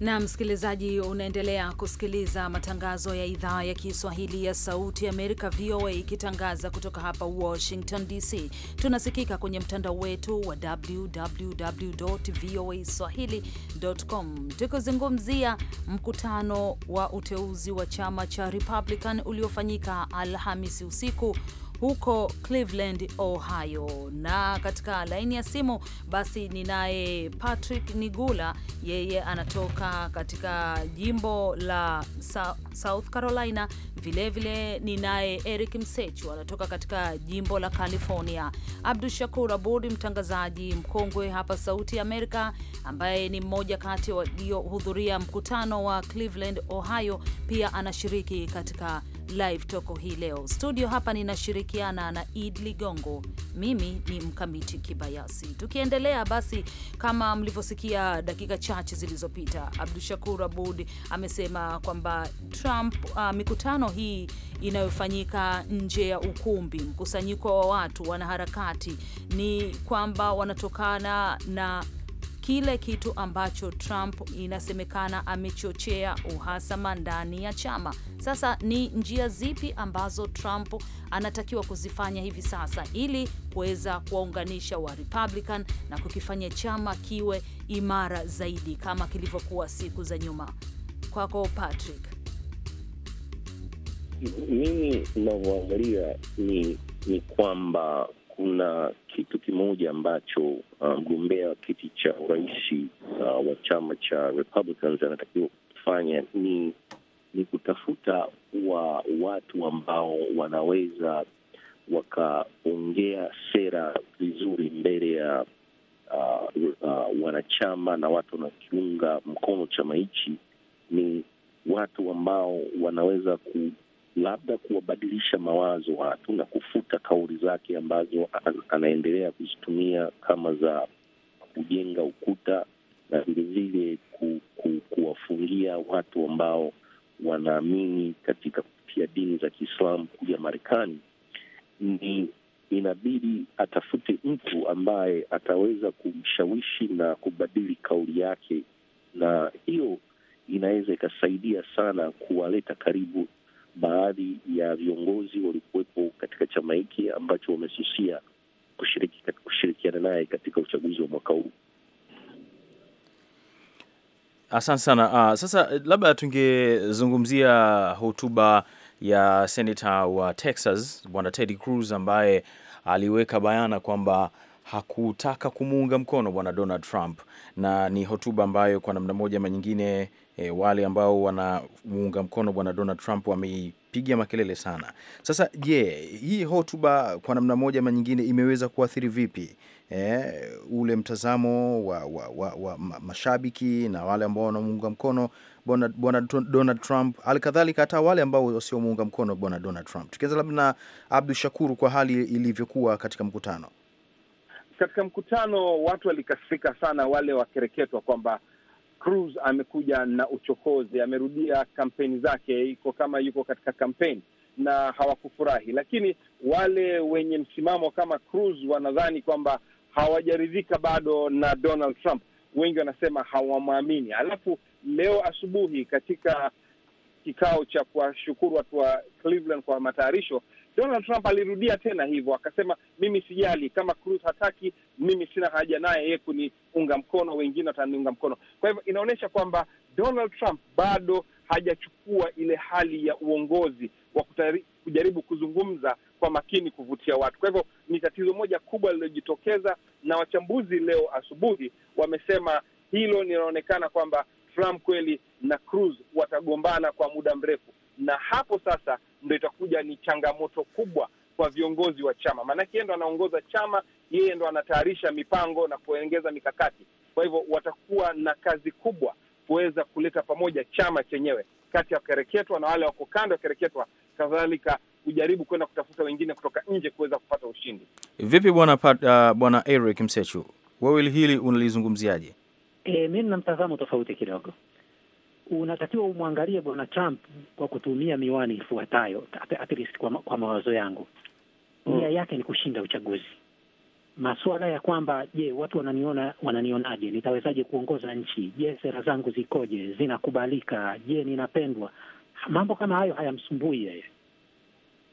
na msikilizaji, unaendelea kusikiliza matangazo ya idhaa ya Kiswahili ya Sauti ya Amerika, VOA, ikitangaza kutoka hapa Washington DC. Tunasikika kwenye mtandao wetu wa www voa swahili.com, tukizungumzia mkutano wa uteuzi wa chama cha Republican uliofanyika Alhamisi usiku huko Cleveland, Ohio. Na katika laini ya simu basi ninaye Patrick Nigula, yeye anatoka katika jimbo la South Carolina. Vilevile ninaye Eric Msechu anatoka katika jimbo la California. Abdu Shakur Abud, mtangazaji mkongwe hapa Sauti ya Amerika, ambaye ni mmoja kati waliohudhuria mkutano wa Cleveland, Ohio, pia anashiriki katika live toko hii leo. Studio hapa ninashirikiana na Id Ligongo, mimi ni Mkamiti Kibayasi. Tukiendelea basi, kama mlivyosikia dakika chache zilizopita, Abdu Shakur Abud amesema kwamba Trump uh, mikutano hii inayofanyika nje ya ukumbi, mkusanyiko wa watu, wanaharakati, ni kwamba wanatokana na kile kitu ambacho Trump inasemekana amechochea uhasama ndani ya chama. Sasa ni njia zipi ambazo Trump anatakiwa kuzifanya hivi sasa ili kuweza kuwaunganisha wa Republican na kukifanya chama kiwe imara zaidi kama kilivyokuwa siku za nyuma? Kwako Patrick. Mimi ninavyoangalia ni, ni kwamba kuna kitu kimoja ambacho uh, mgombea um, wa kiti cha urais uh, wa chama cha Republicans anatakiwa kufanya ni ni kutafuta wa watu ambao wanaweza wakaongea sera vizuri mbele ya uh, uh, wanachama na watu wanakiunga mkono chama hichi. Ni watu ambao wanaweza ku labda kuwabadilisha mawazo watu na kufuta kauli zake ambazo anaendelea kuzitumia kama za kujenga ukuta na vilevile ku, ku, kuwafungia watu ambao wanaamini katika kupitia dini za Kiislamu kuja Marekani ni inabidi atafute mtu ambaye ataweza kumshawishi na kubadili kauli yake, na hiyo inaweza ikasaidia sana kuwaleta karibu baadhi ya viongozi walikuwepo katika chama hiki ambacho wamesusia kushirikiana naye katika uchaguzi wa mwaka huu. Asante sana. Ah, sasa eh, labda tungezungumzia hotuba ya senata wa Texas bwana Ted Cruz ambaye aliweka bayana kwamba hakutaka kumuunga mkono bwana Donald Trump, na ni hotuba ambayo kwa namna moja ama nyingine e, wale ambao wanamuunga mkono bwana Donald Trump wameipiga makelele sana. Sasa je, yeah, hii hotuba kwa namna moja ama nyingine imeweza kuathiri vipi e, ule mtazamo wa, wa, wa, wa mashabiki na wale ambao wanamuunga mkono bwana Donald Trump, hali kadhalika hata wale ambao wasiomuunga mkono bwana Donald Trump? Tukianza labda na Abdu Shakuru, kwa hali ilivyokuwa katika mkutano katika mkutano watu walikasirika sana, wale wakereketwa kwamba Cruz amekuja na uchokozi, amerudia kampeni zake, iko kama yuko katika kampeni na hawakufurahi. Lakini wale wenye msimamo kama Cruz wanadhani kwamba hawajaridhika bado na Donald Trump, wengi wanasema hawamwamini. Alafu leo asubuhi katika kikao cha kuwashukuru watu wa Cleveland kwa matayarisho Donald Trump alirudia tena hivyo, akasema mimi sijali kama Cruz hataki, mimi sina haja naye yeye kuniunga mkono, wengine wataniunga mkono. Kwa hivyo inaonyesha kwamba Donald Trump bado hajachukua ile hali ya uongozi wa kutari, kujaribu kuzungumza kwa makini kuvutia watu. Kwa hivyo ni tatizo moja kubwa lililojitokeza, na wachambuzi leo asubuhi wamesema hilo linaonekana kwamba Trump kweli na Cruz watagombana kwa muda mrefu na hapo sasa ndo itakuja ni changamoto kubwa kwa viongozi wa chama, maanake yeye ndo anaongoza chama, yeye ndo anatayarisha mipango na kuongeza mikakati. Kwa hivyo watakuwa na kazi kubwa kuweza kuleta pamoja chama chenyewe, kati ya wakereketwa na wale wako kando wakereketwa, kadhalika kujaribu kwenda kutafuta wengine kutoka nje kuweza kupata ushindi. Vipi bwana uh, bwana Eric Msechu, wawili hili unalizungumziaje? E, eh, mi nina mtazamo tofauti kidogo unatakiwa umwangalie bwana Trump kwa kutumia miwani ifuatayo, at least kwa, kwa mawazo yangu mm. nia yake ni kushinda uchaguzi. Masuala ya kwamba je, watu wananiona wananionaje, nitawezaje kuongoza nchi, je, sera zangu zikoje, zinakubalika, je, ninapendwa, mambo kama hayo hayamsumbui yeye.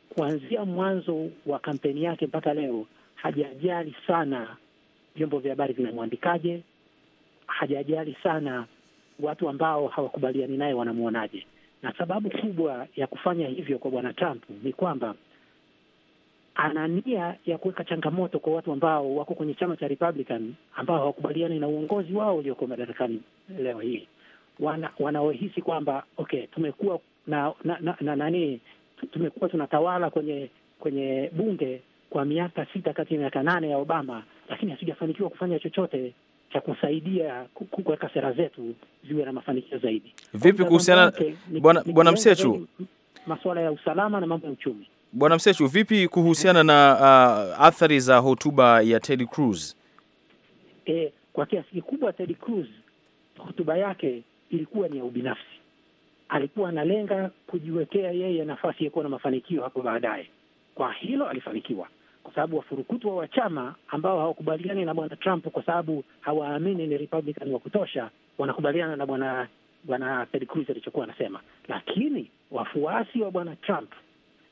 Kuanzia mwanzo wa kampeni yake mpaka leo hajajali sana vyombo vya habari vinamwandikaje, hajajali sana watu ambao hawakubaliani naye wanamwonaje. Na sababu kubwa ya kufanya hivyo kwa bwana Trump ni kwamba ana nia ya kuweka changamoto kwa watu ambao wako kwenye chama cha Republican ambao hawakubaliani na uongozi wao ulioko madarakani leo hii, wana- wanaohisi kwamba okay, tumekuwa na na, na, na, nani, tumekuwa tunatawala kwenye kwenye bunge kwa miaka sita kati ya miaka nane ya Obama, lakini hatujafanikiwa kufanya chochote cha kusaidia kuweka sera zetu ziwe na mafanikio zaidi. Vipi kuhusiana bwana bwana Msechu, masuala ya usalama na mambo ya uchumi? Bwana Msechu, vipi kuhusiana na uh, athari za hotuba ya Ted Cruz? E, kwa kiasi kikubwa Ted Cruz hotuba yake ilikuwa ni ya ubinafsi. Alikuwa analenga kujiwekea yeye nafasi ya kuwa na mafanikio hapo baadaye. Kwa hilo alifanikiwa kwa sababu wafurukutu wa chama ambao hawakubaliani na bwana Trump kwa sababu hawaamini ni Republican wa kutosha, wanakubaliana na bwana bwana Ted Cruz alichokuwa anasema, lakini wafuasi wa bwana Trump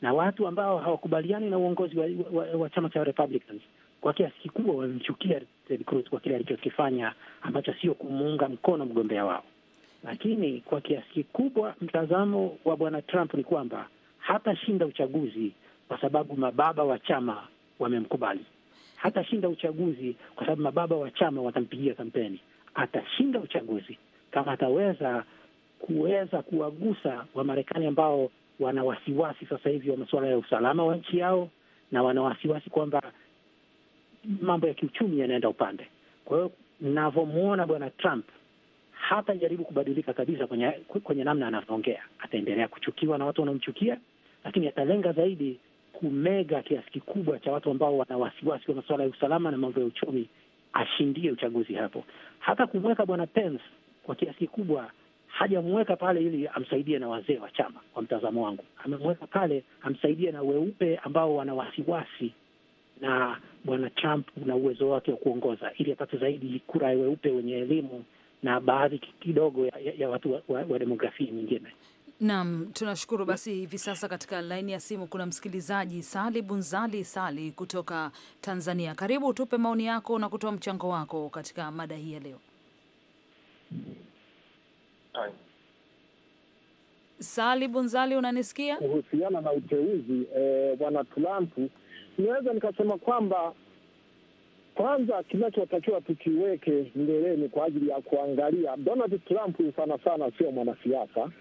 na watu ambao hawakubaliani na uongozi wa, wa, wa chama cha Republicans kwa kiasi kikubwa wamemchukia Ted Cruz kwa kile alichokifanya ambacho sio kumuunga mkono mgombea wao. Lakini kwa kiasi kikubwa mtazamo wa bwana Trump ni kwamba hatashinda uchaguzi kwa sababu mababa wa chama wamemkubali. Hatashinda uchaguzi kwa sababu mababa wa chama watampigia kampeni. Atashinda uchaguzi kama ataweza kuweza kuwagusa Wamarekani ambao wana wasiwasi sasa hivi wa masuala ya usalama wa nchi yao na wana wasiwasi kwamba mambo ya kiuchumi yanaenda upande. Kwa hiyo navyomwona Bwana Trump hatajaribu kubadilika kabisa kwenye kwenye namna anavyoongea. Ataendelea kuchukiwa na watu wanaomchukia, lakini atalenga zaidi kumega kiasi kikubwa cha watu ambao wana wasiwasi wa masuala ya usalama na mambo ya uchumi ashindie uchaguzi hapo. Hata kumweka bwana Pence kwa kiasi kikubwa hajamweka pale ili amsaidie na wazee wa chama, kwa mtazamo wangu, amemweka pale amsaidie na weupe ambao wana wasiwasi na bwana Trump na uwezo wake wa kuongoza, ili apate zaidi kura ya weupe wenye elimu na baadhi kidogo ya, ya watu wa, wa, wa demografia nyingine. Naam, tunashukuru. Basi hivi sasa katika laini ya simu kuna msikilizaji Sali Bunzali Sali kutoka Tanzania. Karibu tupe maoni yako na kutoa mchango wako katika mada hii ya leo. Sali Bunzali, unanisikia? Kuhusiana na uteuzi eh, bwana eh, Trump, niweza nikasema kwamba kwanza kinachotakiwa tukiweke mbeleni kwa ajili ya kuangalia Donald Trump sana sana sio mwanasiasa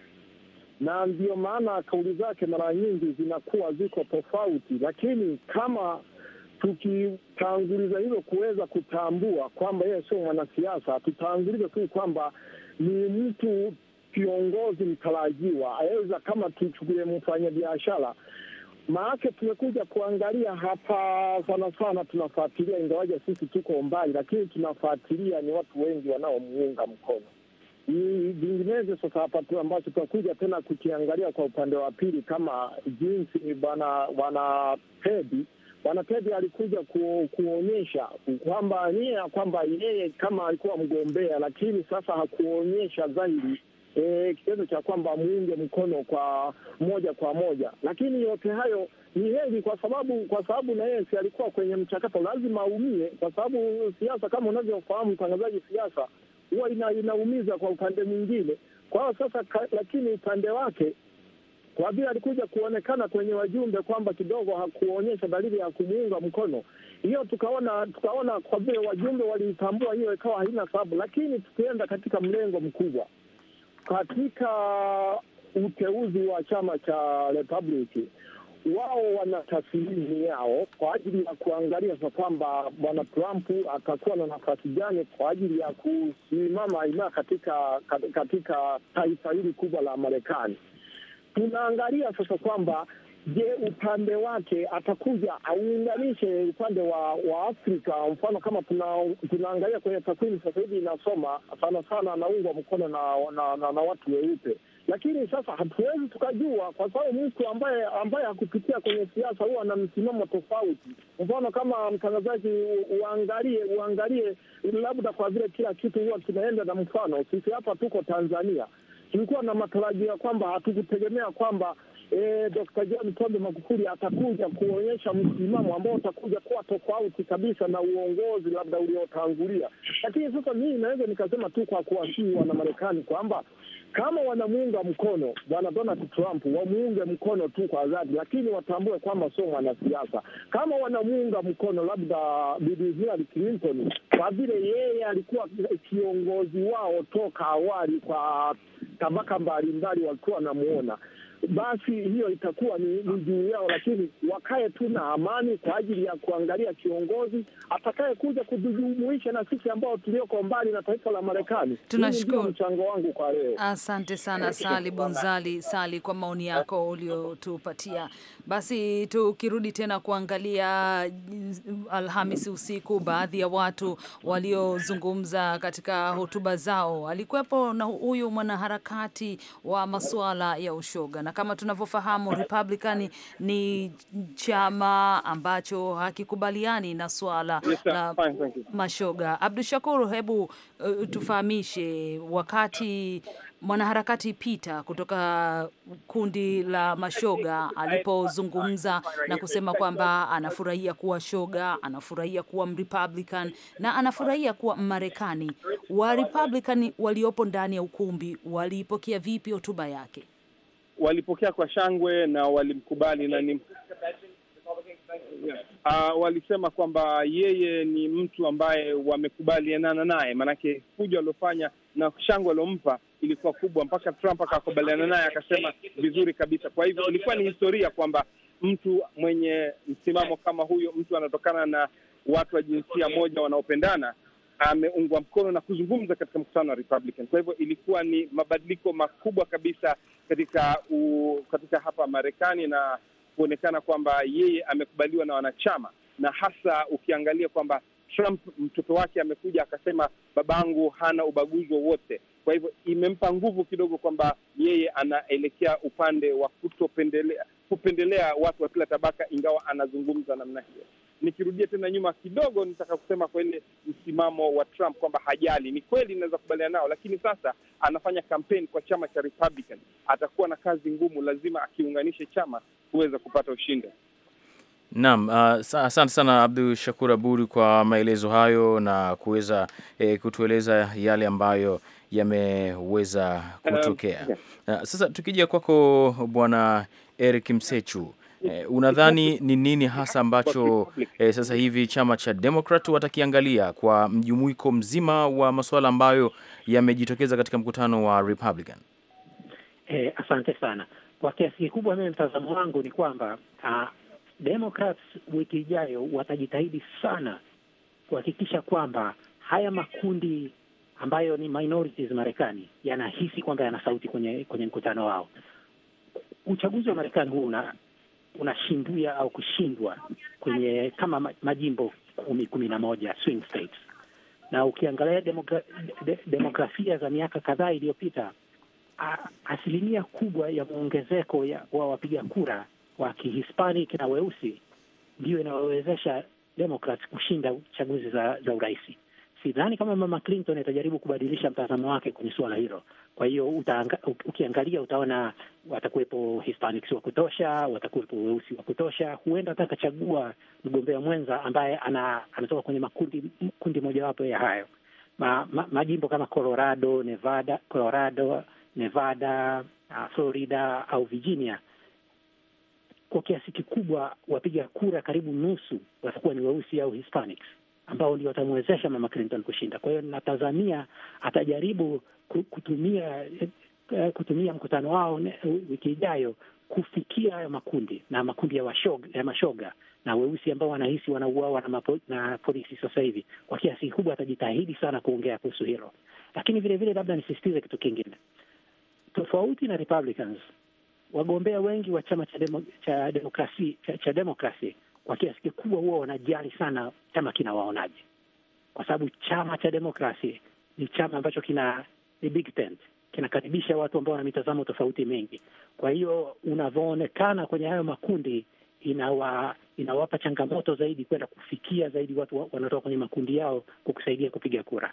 na ndiyo maana kauli zake mara nyingi zinakuwa ziko tofauti, lakini kama tukitanguliza hilo kuweza kutambua kwamba yeye sio mwanasiasa, tutangulize tu kwamba ni mtu kiongozi mtarajiwa, aweza kama tuchukulie mfanyabiashara maake tumekuja kuangalia hapa sana sana, tunafuatilia ingawaja sisi tuko mbali, lakini tunafuatilia ni watu wengi wanaomuunga mkono. Vinginevyo sasa hapa ambacho tutakuja tena kukiangalia kwa upande wa pili, kama jinsi bwana bwana pedi bwana pedi alikuja ku, kuonyesha kwamba nia kwamba yeye kama alikuwa mgombea, lakini sasa hakuonyesha dhahiri e, kitendo cha kwamba muunge mkono kwa moja kwa moja, lakini yote hayo ni heri kwa sababu kwa sababu na yeye si alikuwa kwenye mchakato, lazima aumie, kwa sababu siasa kama unavyofahamu mtangazaji, siasa huwa ina, inaumiza kwa upande mwingine kwao sasa ka, lakini upande wake kwa vile alikuja kuonekana kwenye wajumbe kwamba kidogo hakuonyesha dalili ya kumuunga mkono, hiyo tukaona tukaona kwa vile wajumbe waliitambua hiyo ikawa haina sababu. Lakini tukienda katika mlengo mkubwa, katika uteuzi wa chama cha Republic wao wana tathmini yao kwa ajili ya kuangalia sa kwamba bwana Trump atakuwa na nafasi gani kwa ajili ya kusimama imara katika katika taifa hili kubwa la Marekani. Tunaangalia sasa kwamba je, upande wake atakuja auunganishe upande wa, wa Afrika. Mfano kama tuna, tunaangalia kwenye takwimu sasa hivi inasoma sana sana anaungwa mkono na, na, na, na watu weupe lakini sasa hatuwezi tukajua, kwa sababu mtu ambaye ambaye hakupitia kwenye siasa huwa na msimamo tofauti. Mfano kama mtangazaji, uangalie uangalie, labda kwa vile kila kitu huwa kinaenda na mfano. Sisi hapa tuko Tanzania, tulikuwa na matarajio ya kwamba hatukutegemea kwamba E, eh, Dr. John Pombe Magufuli atakuja kuonyesha msimamo ambao utakuja kuwa tofauti kabisa na uongozi labda uliotangulia. Lakini sasa mii naweza nikasema tu kwa kuwasihi wana Marekani kwamba kama wanamuunga mkono bwana Donald Trump, wamuunge mkono tu kwa dhati, lakini watambue kwamba sio mwanasiasa. Kama wanamuunga mkono labda Bibi Hillary Clinton, kwa vile yeye alikuwa kiongozi wao toka awali, kwa tabaka mbalimbali walikuwa wanamuona basi hiyo itakuwa ni, ni juu yao, lakini wakae tu na amani kwa ajili ya kuangalia kiongozi atakayekuja kujumuisha na sisi ambao tulioko mbali na taifa la Marekani. Tunashukuru mchango wangu kwa leo. Asante sana Sali Bonzali Sali kwa maoni yako uliotupatia. Basi tukirudi tena kuangalia Alhamisi usiku, baadhi ya watu waliozungumza katika hotuba zao, alikuwepo na huyu mwanaharakati wa masuala ya ushoga, na kama tunavyofahamu Republican ni chama ambacho hakikubaliani na swala la mashoga. Abdu Shakur, hebu uh, tufahamishe wakati mwanaharakati Peter kutoka kundi la mashoga alipozungumza na kusema kwamba anafurahia kuwa shoga, anafurahia kuwa Mrepublican na anafurahia kuwa Mmarekani. Wa Republican waliopo ndani ya ukumbi waliipokea vipi hotuba yake? Walipokea kwa shangwe na walimkubali na ni yeah uh, walisema kwamba yeye ni mtu ambaye wamekubalianana naye, maanake fujo aliofanya na shango aliompa ilikuwa kubwa mpaka Trump akakubaliana naye akasema vizuri kabisa. Kwa hivyo ilikuwa ni historia kwamba mtu mwenye msimamo kama huyo, mtu anatokana na watu wa jinsia moja wanaopendana ameungwa mkono na kuzungumza katika mkutano wa Republican. Kwa hivyo ilikuwa ni mabadiliko makubwa kabisa katika u, katika hapa Marekani na kuonekana kwamba yeye amekubaliwa na wanachama, na hasa ukiangalia kwamba Trump mtoto wake amekuja akasema babangu hana ubaguzi wowote, kwa hivyo imempa nguvu kidogo kwamba yeye anaelekea upande wa kutopendelea kupendelea watu wa kila tabaka, ingawa anazungumza namna hiyo. Nikirudia tena nyuma kidogo, nitaka kusema kwa ile msimamo wa Trump kwamba hajali. Ni kweli inaweza kubaliana nao, lakini sasa anafanya kampeni kwa chama cha Republican. Atakuwa na kazi ngumu, lazima akiunganishe chama kuweza kupata ushindi. Naam, uh, asante sana Abdu Shakur Aburi kwa maelezo hayo na kuweza eh, kutueleza yale ambayo yameweza kutokea. sasa tukija kwako Bwana Eric Msechu, eh, unadhani ni nini hasa ambacho eh, sasa hivi chama cha demokrat watakiangalia kwa mjumuiko mzima wa masuala ambayo yamejitokeza katika mkutano wa Republican? Eh, asante sana. Kwa kiasi kikubwa mimi mtazamo wangu ni kwamba uh, Democrats wiki ijayo watajitahidi sana kuhakikisha kwamba haya makundi ambayo ni minorities Marekani yanahisi kwamba yana sauti kwenye kwenye mkutano wao. Uchaguzi wa Marekani huu una au kushindwa kwenye kama majimbo kumi kumi na moja swing states, na ukiangalia demokra, de, demografia za miaka kadhaa iliyopita, asilimia kubwa ya mwongezeko wa wapiga kura wa Kihispanic na weusi ndiyo inayowezesha Democrats kushinda chaguzi za, za urais sidhani kama mama Clinton atajaribu kubadilisha mtazamo wake kwenye suala hilo. Kwa hiyo utaanga, ukiangalia utaona watakuwepo Hispanics wa kutosha, watakuwepo weusi wa kutosha. Huenda hata akachagua mgombea mwenza ambaye ana, anatoka kwenye makundi kundi mojawapo ya hayo ma, ma, majimbo kama Colorado, Nevada, Colorado, Nevada, uh, Florida au Virginia kwa kiasi kikubwa wapiga kura karibu nusu watakuwa ni weusi au Hispanics ambao ndio watamwezesha mama Clinton kushinda. Kwa hiyo natazamia atajaribu kutumia eh, eh, kutumia mkutano wao wiki ijayo kufikia hayo makundi na makundi ya, washog, ya mashoga na weusi ambao wanahisi wanauawa na, na polisi sasa hivi. Kwa kiasi kikubwa atajitahidi sana kuongea kuhusu hilo, lakini vile vile labda nisisitize kitu kingine tofauti na Republicans, wagombea wengi wa chama cha demokrasi cha, cha demokrasi kwa kiasi kikubwa huwa wanajali sana chama kinawaonaje, kwa sababu chama cha demokrasi ni chama ambacho kina ni big tent, kinakaribisha watu ambao wana mitazamo tofauti mingi. Kwa hiyo unavyoonekana kwenye hayo makundi inawa, inawapa changamoto zaidi kwenda kufikia zaidi watu wanatoka kwenye makundi yao kukusaidia kupiga kura.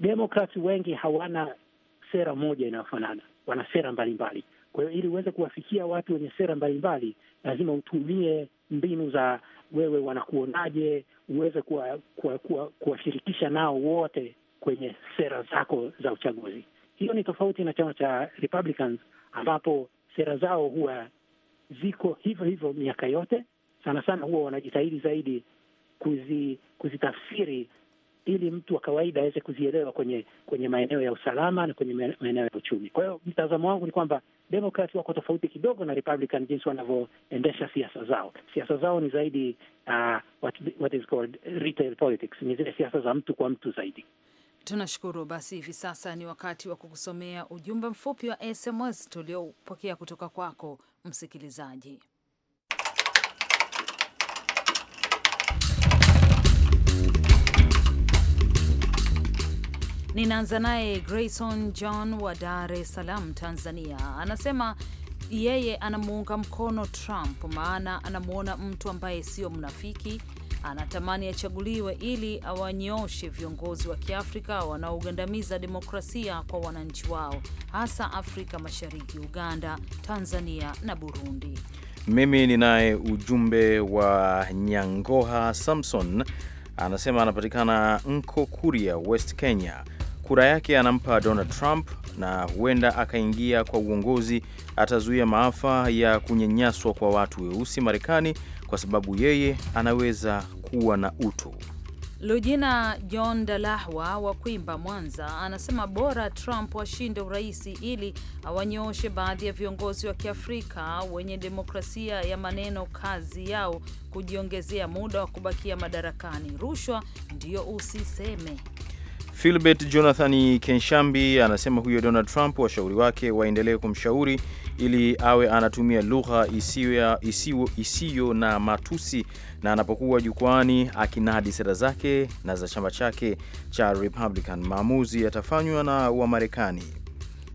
Demokrati wengi hawana sera moja inayofanana, wana sera mbalimbali. Kwa hiyo ili uweze kuwafikia watu wenye sera mbalimbali, lazima utumie mbinu za wewe wanakuonaje, uweze kuwashirikisha kuwa, kuwa nao wote kwenye sera zako za uchaguzi. Hiyo ni tofauti na chama cha Republicans ambapo sera zao huwa ziko hivyo hivyo miaka yote. Sana sana huwa wanajitahidi zaidi kuzi, kuzitafsiri ili mtu wa kawaida aweze kuzielewa kwenye kwenye maeneo ya usalama na kwenye maeneo ya uchumi. Kwa hiyo mtazamo wangu ni kwamba demokrati wako tofauti kidogo na Republican jinsi wanavyoendesha siasa zao. Siasa zao ni zaidi uh, what, what is called retail politics, ni zile siasa za mtu kwa mtu zaidi. Tunashukuru. Basi hivi sasa ni wakati wa kukusomea ujumbe mfupi wa SMS tuliopokea kutoka kwako msikilizaji. Ninaanza naye Grayson John wa Dar es Salaam, Tanzania, anasema yeye anamuunga mkono Trump maana anamwona mtu ambaye sio mnafiki, anatamani achaguliwe ili awanyoshe viongozi wa Kiafrika wanaogandamiza demokrasia kwa wananchi wao, hasa Afrika Mashariki, Uganda, Tanzania na Burundi. Mimi ninaye ujumbe wa Nyangoha Samson, anasema anapatikana Nko Kuria, West Kenya kura yake anampa Donald Trump na huenda akaingia kwa uongozi, atazuia maafa ya kunyanyaswa kwa watu weusi Marekani kwa sababu yeye anaweza kuwa na utu. Lujina John Dalahwa wa Kwimba, Mwanza, anasema bora Trump washinde urais ili awanyooshe baadhi ya viongozi wa Kiafrika wenye demokrasia ya maneno kazi yao kujiongezea muda wa kubakia madarakani. Rushwa ndio usiseme. Philbert Jonathan Kenshambi anasema huyo Donald Trump washauri wake waendelee kumshauri ili awe anatumia lugha isiyo na matusi na anapokuwa jukwani akinadi sera zake na za chama chake cha Republican. Maamuzi yatafanywa na Wamarekani.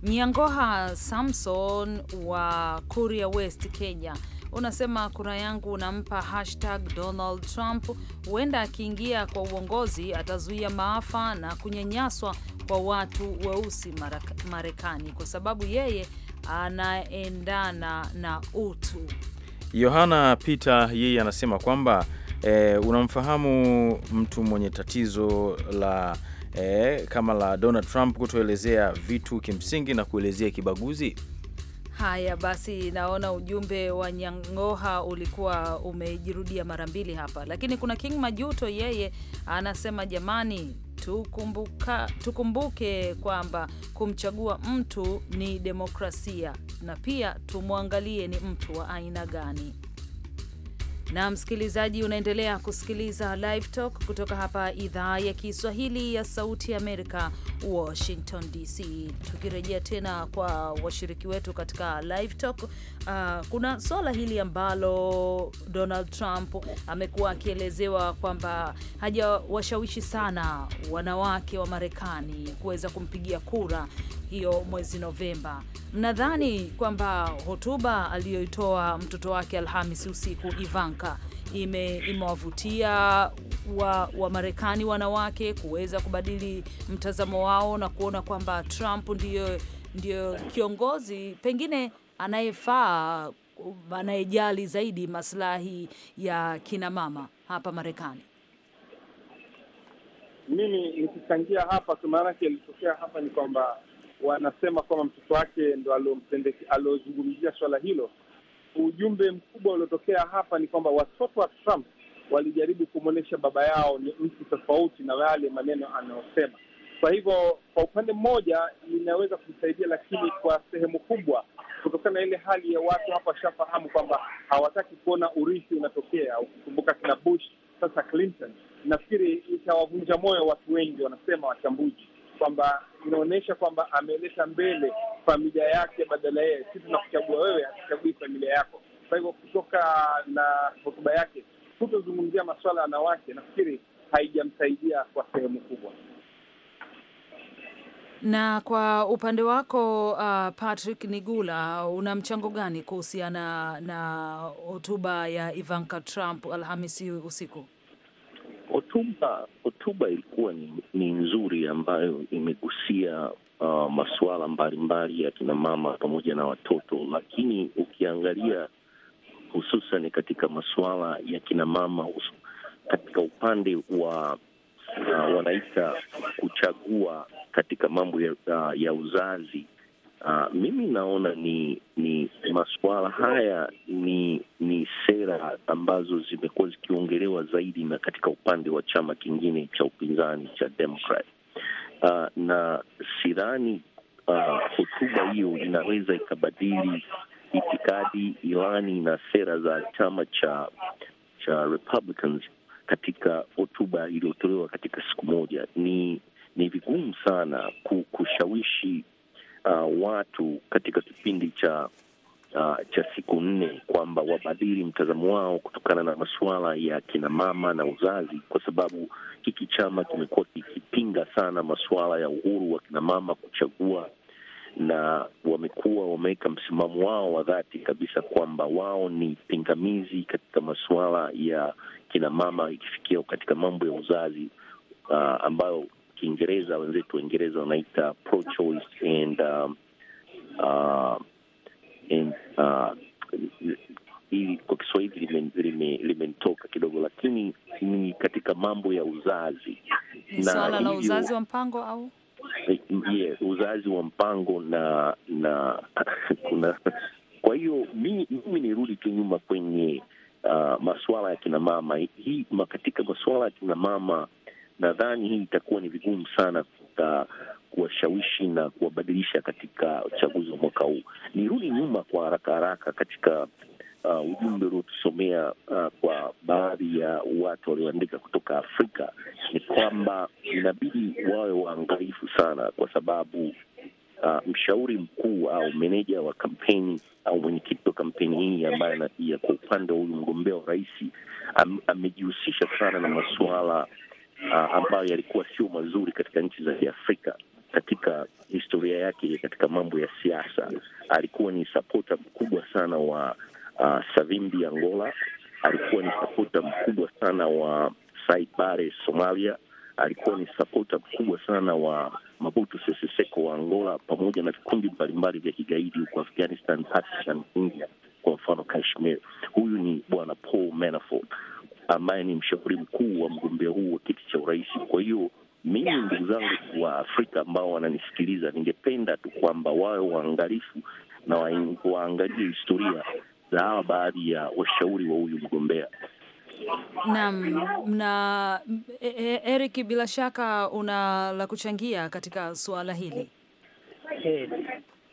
Nyangoha Samson wa Korea West, Kenya unasema kura yangu unampa hashtag Donald Trump. Huenda akiingia kwa uongozi atazuia maafa na kunyanyaswa kwa watu weusi Marekani, kwa sababu yeye anaendana na utu. Yohana Peter yeye anasema kwamba e, unamfahamu mtu mwenye tatizo la e, kama la Donald Trump kutoelezea vitu kimsingi na kuelezea kibaguzi Haya basi, naona ujumbe wa Nyangoha ulikuwa umejirudia mara mbili hapa, lakini kuna King Majuto, yeye anasema jamani, tukumbuka, tukumbuke kwamba kumchagua mtu ni demokrasia na pia tumwangalie ni mtu wa aina gani na msikilizaji, unaendelea kusikiliza Live Talk kutoka hapa idhaa ya Kiswahili ya Sauti ya Amerika, Washington DC. Tukirejea tena kwa washiriki wetu katika Live Talk, uh, kuna swala hili ambalo Donald Trump amekuwa akielezewa kwamba hajawashawishi sana wanawake wa Marekani kuweza kumpigia kura hiyo mwezi Novemba. Mnadhani kwamba hotuba aliyoitoa mtoto wake Alhamisi usiku Ivanka ime, imewavutia wa, wa Marekani wanawake kuweza kubadili mtazamo wao na kuona kwamba Trump ndiyo, ndiyo kiongozi pengine anayefaa anayejali zaidi maslahi ya kinamama hapa Marekani. Mimi nikichangia hapa, maanake ilitokea hapa ni kwamba wanasema kwamba mtoto wake ndo aliozungumzia swala hilo. Ujumbe mkubwa uliotokea hapa ni kwamba watoto wa Trump walijaribu kumwonyesha baba yao ni mtu tofauti na yale maneno anayosema. Kwa hivyo kwa upande mmoja inaweza kumsaidia, lakini kwa sehemu kubwa, kutokana na ile hali ya watu hapa washafahamu kwamba hawataki kuona urithi unatokea. Ukikumbuka kina Bush, sasa Clinton, nafikiri itawavunja moyo watu wengi, wanasema wachambuzi, kwamba inaonyesha kwamba ameleta mbele familia yake badala yeye. Si tunakuchagua wewe, hatuchagui familia yako. Kwa hivyo kutoka na hotuba yake kutozungumzia masuala ya wanawake, nafikiri haijamsaidia kwa sehemu kubwa. Na kwa upande wako uh, Patrick Nigula, una mchango gani kuhusiana na hotuba ya Ivanka Trump Alhamisi usiku? Hotuba hotuba ilikuwa ni, ni nzuri ambayo imegusia uh, masuala mbalimbali ya kinamama pamoja na watoto, lakini ukiangalia hususan katika masuala ya kinamama katika upande wa uh, wanaita kuchagua katika mambo ya, uh, ya uzazi Uh, mimi naona ni ni masuala haya ni ni sera ambazo zimekuwa zikiongelewa zaidi na katika upande wa chama kingine cha upinzani cha Democrat. Uh, na sidhani ah, hotuba uh, hiyo inaweza ikabadili itikadi, ilani na sera za chama cha cha Republicans katika hotuba iliyotolewa katika siku moja. Ni ni vigumu sana kushawishi uh, watu katika kipindi cha uh, cha siku nne kwamba wabadili mtazamo wao kutokana na masuala ya kinamama na uzazi, kwa sababu hiki chama kimekuwa kikipinga sana masuala ya uhuru wa kinamama kuchagua na wamekuwa wameweka msimamo wao wa dhati kabisa kwamba wao ni pingamizi katika masuala ya kinamama ikifikia katika mambo ya uzazi uh, ambayo Kiingereza wenzetu Waingereza wanaita pro choice and um, uh, uh, hili kwa Kiswahili limetoka kidogo, lakini ni katika mambo ya uzazi na swala la uzazi wa mpango au eh, yeah, uzazi wa mpango na na kuna kwa hiyo mimi nirudi tu nyuma kwenye uh, masuala ya kinamama hii katika masuala ya kinamama nadhani hii itakuwa ni vigumu sana kuta kuwashawishi na kuwabadilisha katika uchaguzi wa mwaka huu. Nirudi nyuma kwa haraka haraka katika uh, ujumbe uliotusomea uh, kwa baadhi ya watu walioandika kutoka Afrika ni kwamba inabidi wawe waangalifu sana, kwa sababu uh, mshauri mkuu au meneja wa kampeni au mwenyekiti wa kampeni hii ambaye anaia kwa upande wa huyu mgombea wa rahisi am, amejihusisha sana na masuala uh, ambayo yalikuwa sio mazuri katika nchi za Kiafrika katika historia yake katika mambo ya siasa. Alikuwa ni sapota mkubwa sana wa uh, Savimbi Angola, alikuwa ni sapota mkubwa sana wa Said Somalia, alikuwa ni sapota mkubwa sana wa mabutu Sese Seko wa Angola, pamoja na vikundi mbalimbali vya kigaidi huko Afghanistan, Pakistan, India, kwa mfano Kashmir. Huyu ni bwana Paul Manafort ambaye ni mshauri mkuu wa mgombea huu wa kiti cha urais. Kwa hiyo mimi, ndugu zangu wa Afrika ambao wananisikiliza, ningependa tu kwamba wawe waangalifu na waangalie historia za hawa baadhi ya washauri wa huyu mgombea. Naam, na e, e, Eric, bila shaka una la kuchangia katika suala hili. Eh,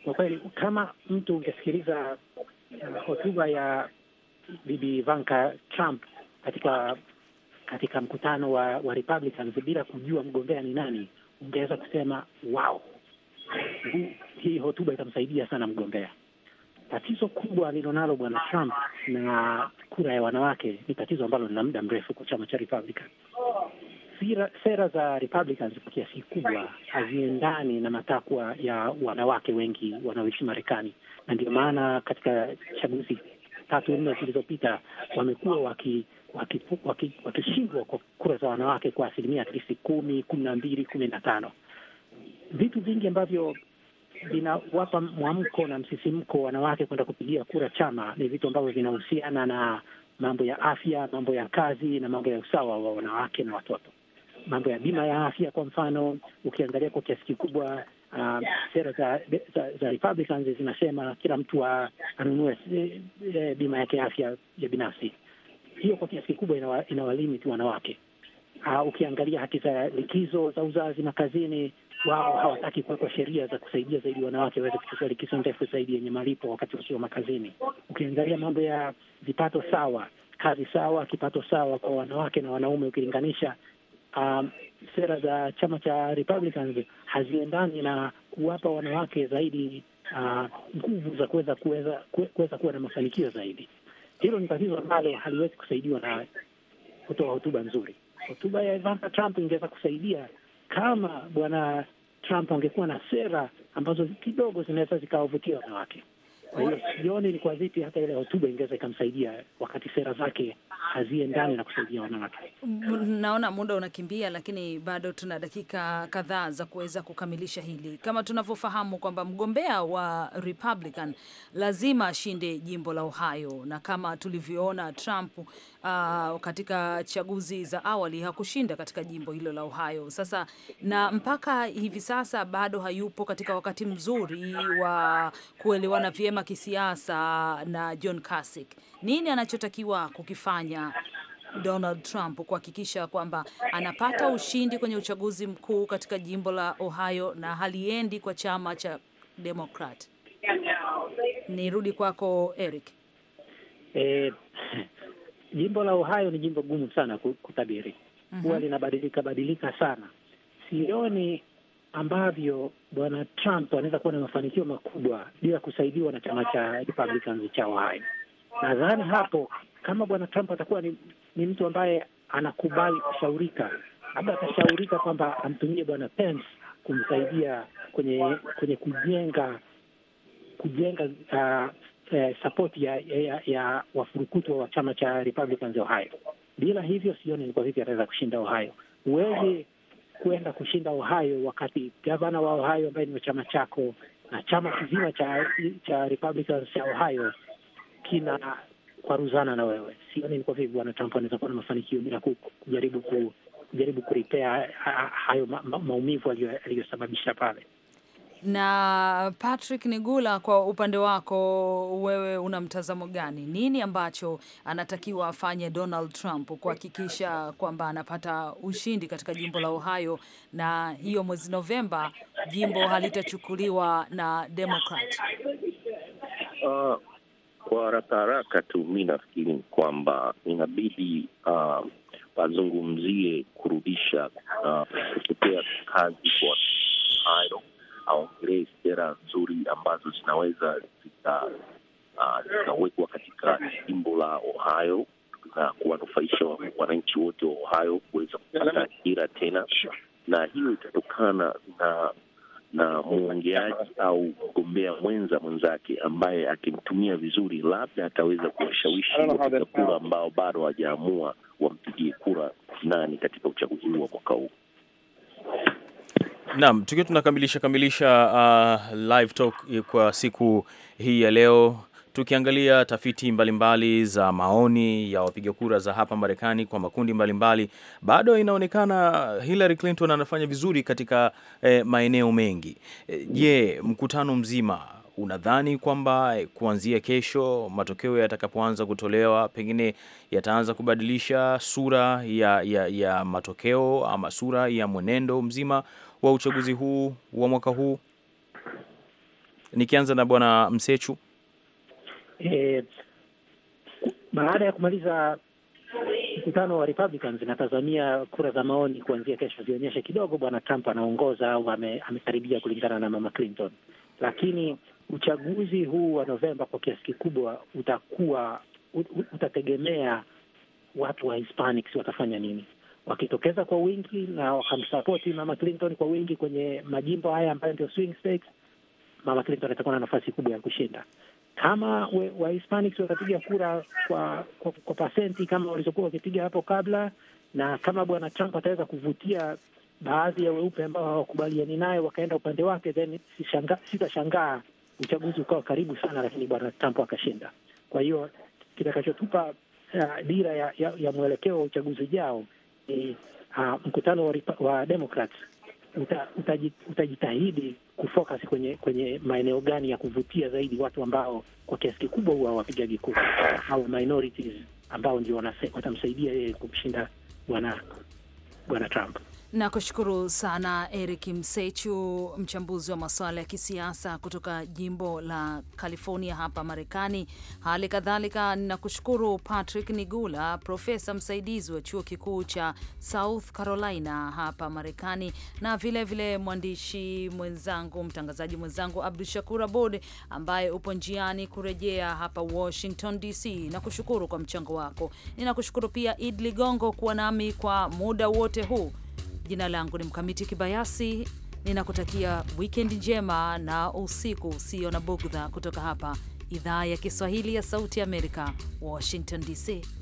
kwa kweli, kama mtu ungesikiliza eh, hotuba ya Bibi Ivanka Trump katika katika mkutano wa, wa Republicans bila kujua mgombea ni nani, ungeweza kusema wow, hii hotuba itamsaidia sana mgombea. Tatizo kubwa alilonalo bwana Trump na kura ya wanawake ni tatizo ambalo lina muda mrefu kwa chama cha Republican. Sera za Republicans kwa kiasi kikubwa haziendani na matakwa ya wanawake wengi wanaoishi Marekani, na ndio maana katika chaguzi tatu nne zilizopita wamekuwa waki wakishindwa kwa kura za wanawake kwa asilimia tisi kumi kumi na mbili kumi na tano vitu vingi ambavyo vinawapa mwamko na msisimko wanawake kwenda kupigia kura chama ni vitu ambavyo vinahusiana na mambo ya afya, mambo ya kazi na mambo ya usawa wa wanawake na watoto, mambo ya bima ya afya. Kwa mfano, ukiangalia kwa kiasi kikubwa uh, sera za, za, za Republicans zinasema kila mtu anunue eh, eh, bima yake ya afya ya binafsi hiyo kwa kiasi kikubwa inawa, inawalimiti wanawake. Uh, ukiangalia haki za likizo za uzazi na kazini, wao hawataki kuwekwa sheria za kusaidia zaidi wanawake waweze kuchukua likizo ndefu zaidi yenye malipo wakati wasio makazini. Ukiangalia mambo ya vipato sawa, kazi sawa, kipato sawa kwa wanawake na wanaume, ukilinganisha um, sera za chama cha Republicans haziendani na kuwapa wanawake zaidi uh, nguvu uh, za kuweza kuweza kuwa na mafanikio zaidi. Hilo ni tatizo ambalo haliwezi kusaidiwa na kutoa hotuba nzuri. Hotuba ya Ivanka Trump ingeweza kusaidia kama bwana Trump angekuwa na sera ambazo kidogo zinaweza zikawavutia wanawake. Kwa hiyo sioni ni kwa vipi hata ile hotuba ingeweza ikamsaidia wakati sera zake haziendani na kusaidia wanawake. Naona muda unakimbia, lakini bado tuna dakika kadhaa za kuweza kukamilisha hili. Kama tunavyofahamu kwamba mgombea wa Republican lazima ashinde jimbo la Ohio, na kama tulivyoona Trump uh, katika chaguzi za awali hakushinda katika jimbo hilo la Ohio. Sasa na mpaka hivi sasa bado hayupo katika wakati mzuri wa kuelewana vyema kisiasa na John Kasich. Nini anachotakiwa kukifanya Donald Trump kuhakikisha kwamba anapata ushindi kwenye uchaguzi mkuu katika jimbo la Ohio na haliendi kwa chama cha Democrat? Nirudi kwako Eric. Eh, Jimbo la Ohio ni jimbo gumu sana kutabiri, mhm. huwa uh -huh. linabadilika badilika sana. Sioni ambavyo bwana Trump anaweza kuwa na mafanikio makubwa bila kusaidiwa na chama cha Republicans cha Ohio. Nadhani hapo kama bwana Trump atakuwa ni, ni mtu ambaye anakubali kushaurika, labda atashaurika kwamba amtumie bwana Pence kumsaidia kwenye kwenye kujenga kujenga uh, eh, sapoti ya, ya, ya wafurukuto wa chama cha Republicans Ohio. Bila hivyo sioni ni kwa vipi ataweza kushinda Ohio. Huwezi kwenda kushinda Ohio wakati gavana wa Ohio ambaye ni wa chama chako na chama kizima cha cha Republicans cha Ohio kina kwaruzana na wewe. Sioni ni kwa vipi bwana Trump anaweza kuwa na mafanikio bila kujaribu ku, kujaribu kuripea hayo maumivu aliyosababisha pale. Na Patrick Nigula, kwa upande wako wewe una mtazamo gani? Nini ambacho anatakiwa afanye Donald Trump kuhakikisha kwamba anapata ushindi katika jimbo la Ohio, na hiyo mwezi Novemba jimbo halitachukuliwa na Demokrat? Uh, kwa haraka haraka tu mi nafikiri kwamba inabidi uh, wazungumzie kurudisha uh, kutetea kazi kwa Ohio aongelee sera nzuri ambazo zinaweza ah, zikawekwa uh, katika jimbo la Ohio na kuwanufaisha wananchi wote wa Ohio kuweza kupata ajira tena, na hiyo itatokana na na mwongeaji au mgombea mwenza mwenzake ambaye akimtumia vizuri, labda ataweza kuwashawishi wapiga kura ambao bado hawajaamua wampigie kura nani katika uchaguzi huu wa mwaka huu. Naam, tukiwa tunakamilisha kamilisha, uh, live talk kwa siku hii ya leo tukiangalia tafiti mbalimbali mbali za maoni ya wapiga kura za hapa Marekani kwa makundi mbalimbali mbali, bado inaonekana Hillary Clinton anafanya vizuri katika eh, maeneo mengi. Je, eh, mkutano mzima unadhani kwamba eh, kuanzia kesho matokeo yatakapoanza kutolewa pengine yataanza kubadilisha sura ya, ya, ya matokeo ama sura ya mwenendo mzima wa uchaguzi huu wa mwaka huu? Nikianza na bwana Msechu. Eh, baada ya kumaliza mkutano wa Republicans natazamia kura za maoni kuanzia kesho zionyeshe kidogo bwana Trump anaongoza au amekaribia kulingana na mama Clinton, lakini uchaguzi huu wa Novemba kwa kiasi kikubwa utakuwa utategemea watu wa Hispanics watafanya nini wakitokeza kwa wingi na wakamsapoti Mama Clinton kwa wingi kwenye majimbo haya ambayo ndio swing states, Mama Clinton atakuwa na nafasi kubwa ya kushinda. Kama Wahispanics wa watapiga kura kwa, kwa, kwa pasenti kama walizokuwa wakipiga hapo kabla, na kama bwana Trump ataweza kuvutia baadhi ya weupe ambao hawakubaliani naye wakaenda upande wake, then sitashangaa si uchaguzi ukawa karibu sana, lakini bwana Trump akashinda. Kwa hiyo kitakachotupa uh, dira ya, ya, ya mwelekeo wa uchaguzi ujao ni uh, mkutano wa, wa Democrats uta, utajitahidi kufocus kwenye kwenye maeneo gani ya kuvutia zaidi watu ambao kwa kiasi kikubwa huwa wapigaji kura au minorities ambao ndio watamsaidia yeye kumshinda bwana bwana Trump. Nakushukuru sana Eric Msechu, mchambuzi wa masuala ya kisiasa kutoka jimbo la California hapa Marekani. Hali kadhalika ninakushukuru Patrick Nigula, profesa msaidizi wa chuo kikuu cha South Carolina hapa Marekani, na vilevile mwandishi mwenzangu, mtangazaji mwenzangu Abdu Shakur Abud ambaye upo njiani kurejea hapa Washington DC. Nakushukuru kwa mchango wako. Ninakushukuru pia Id Ligongo kuwa nami kwa muda wote huu. Jina langu ni Mkamiti Kibayasi, ninakutakia wikendi njema na usiku usio na bugdha kutoka hapa idhaa ya Kiswahili ya Sauti ya Amerika, Washington DC.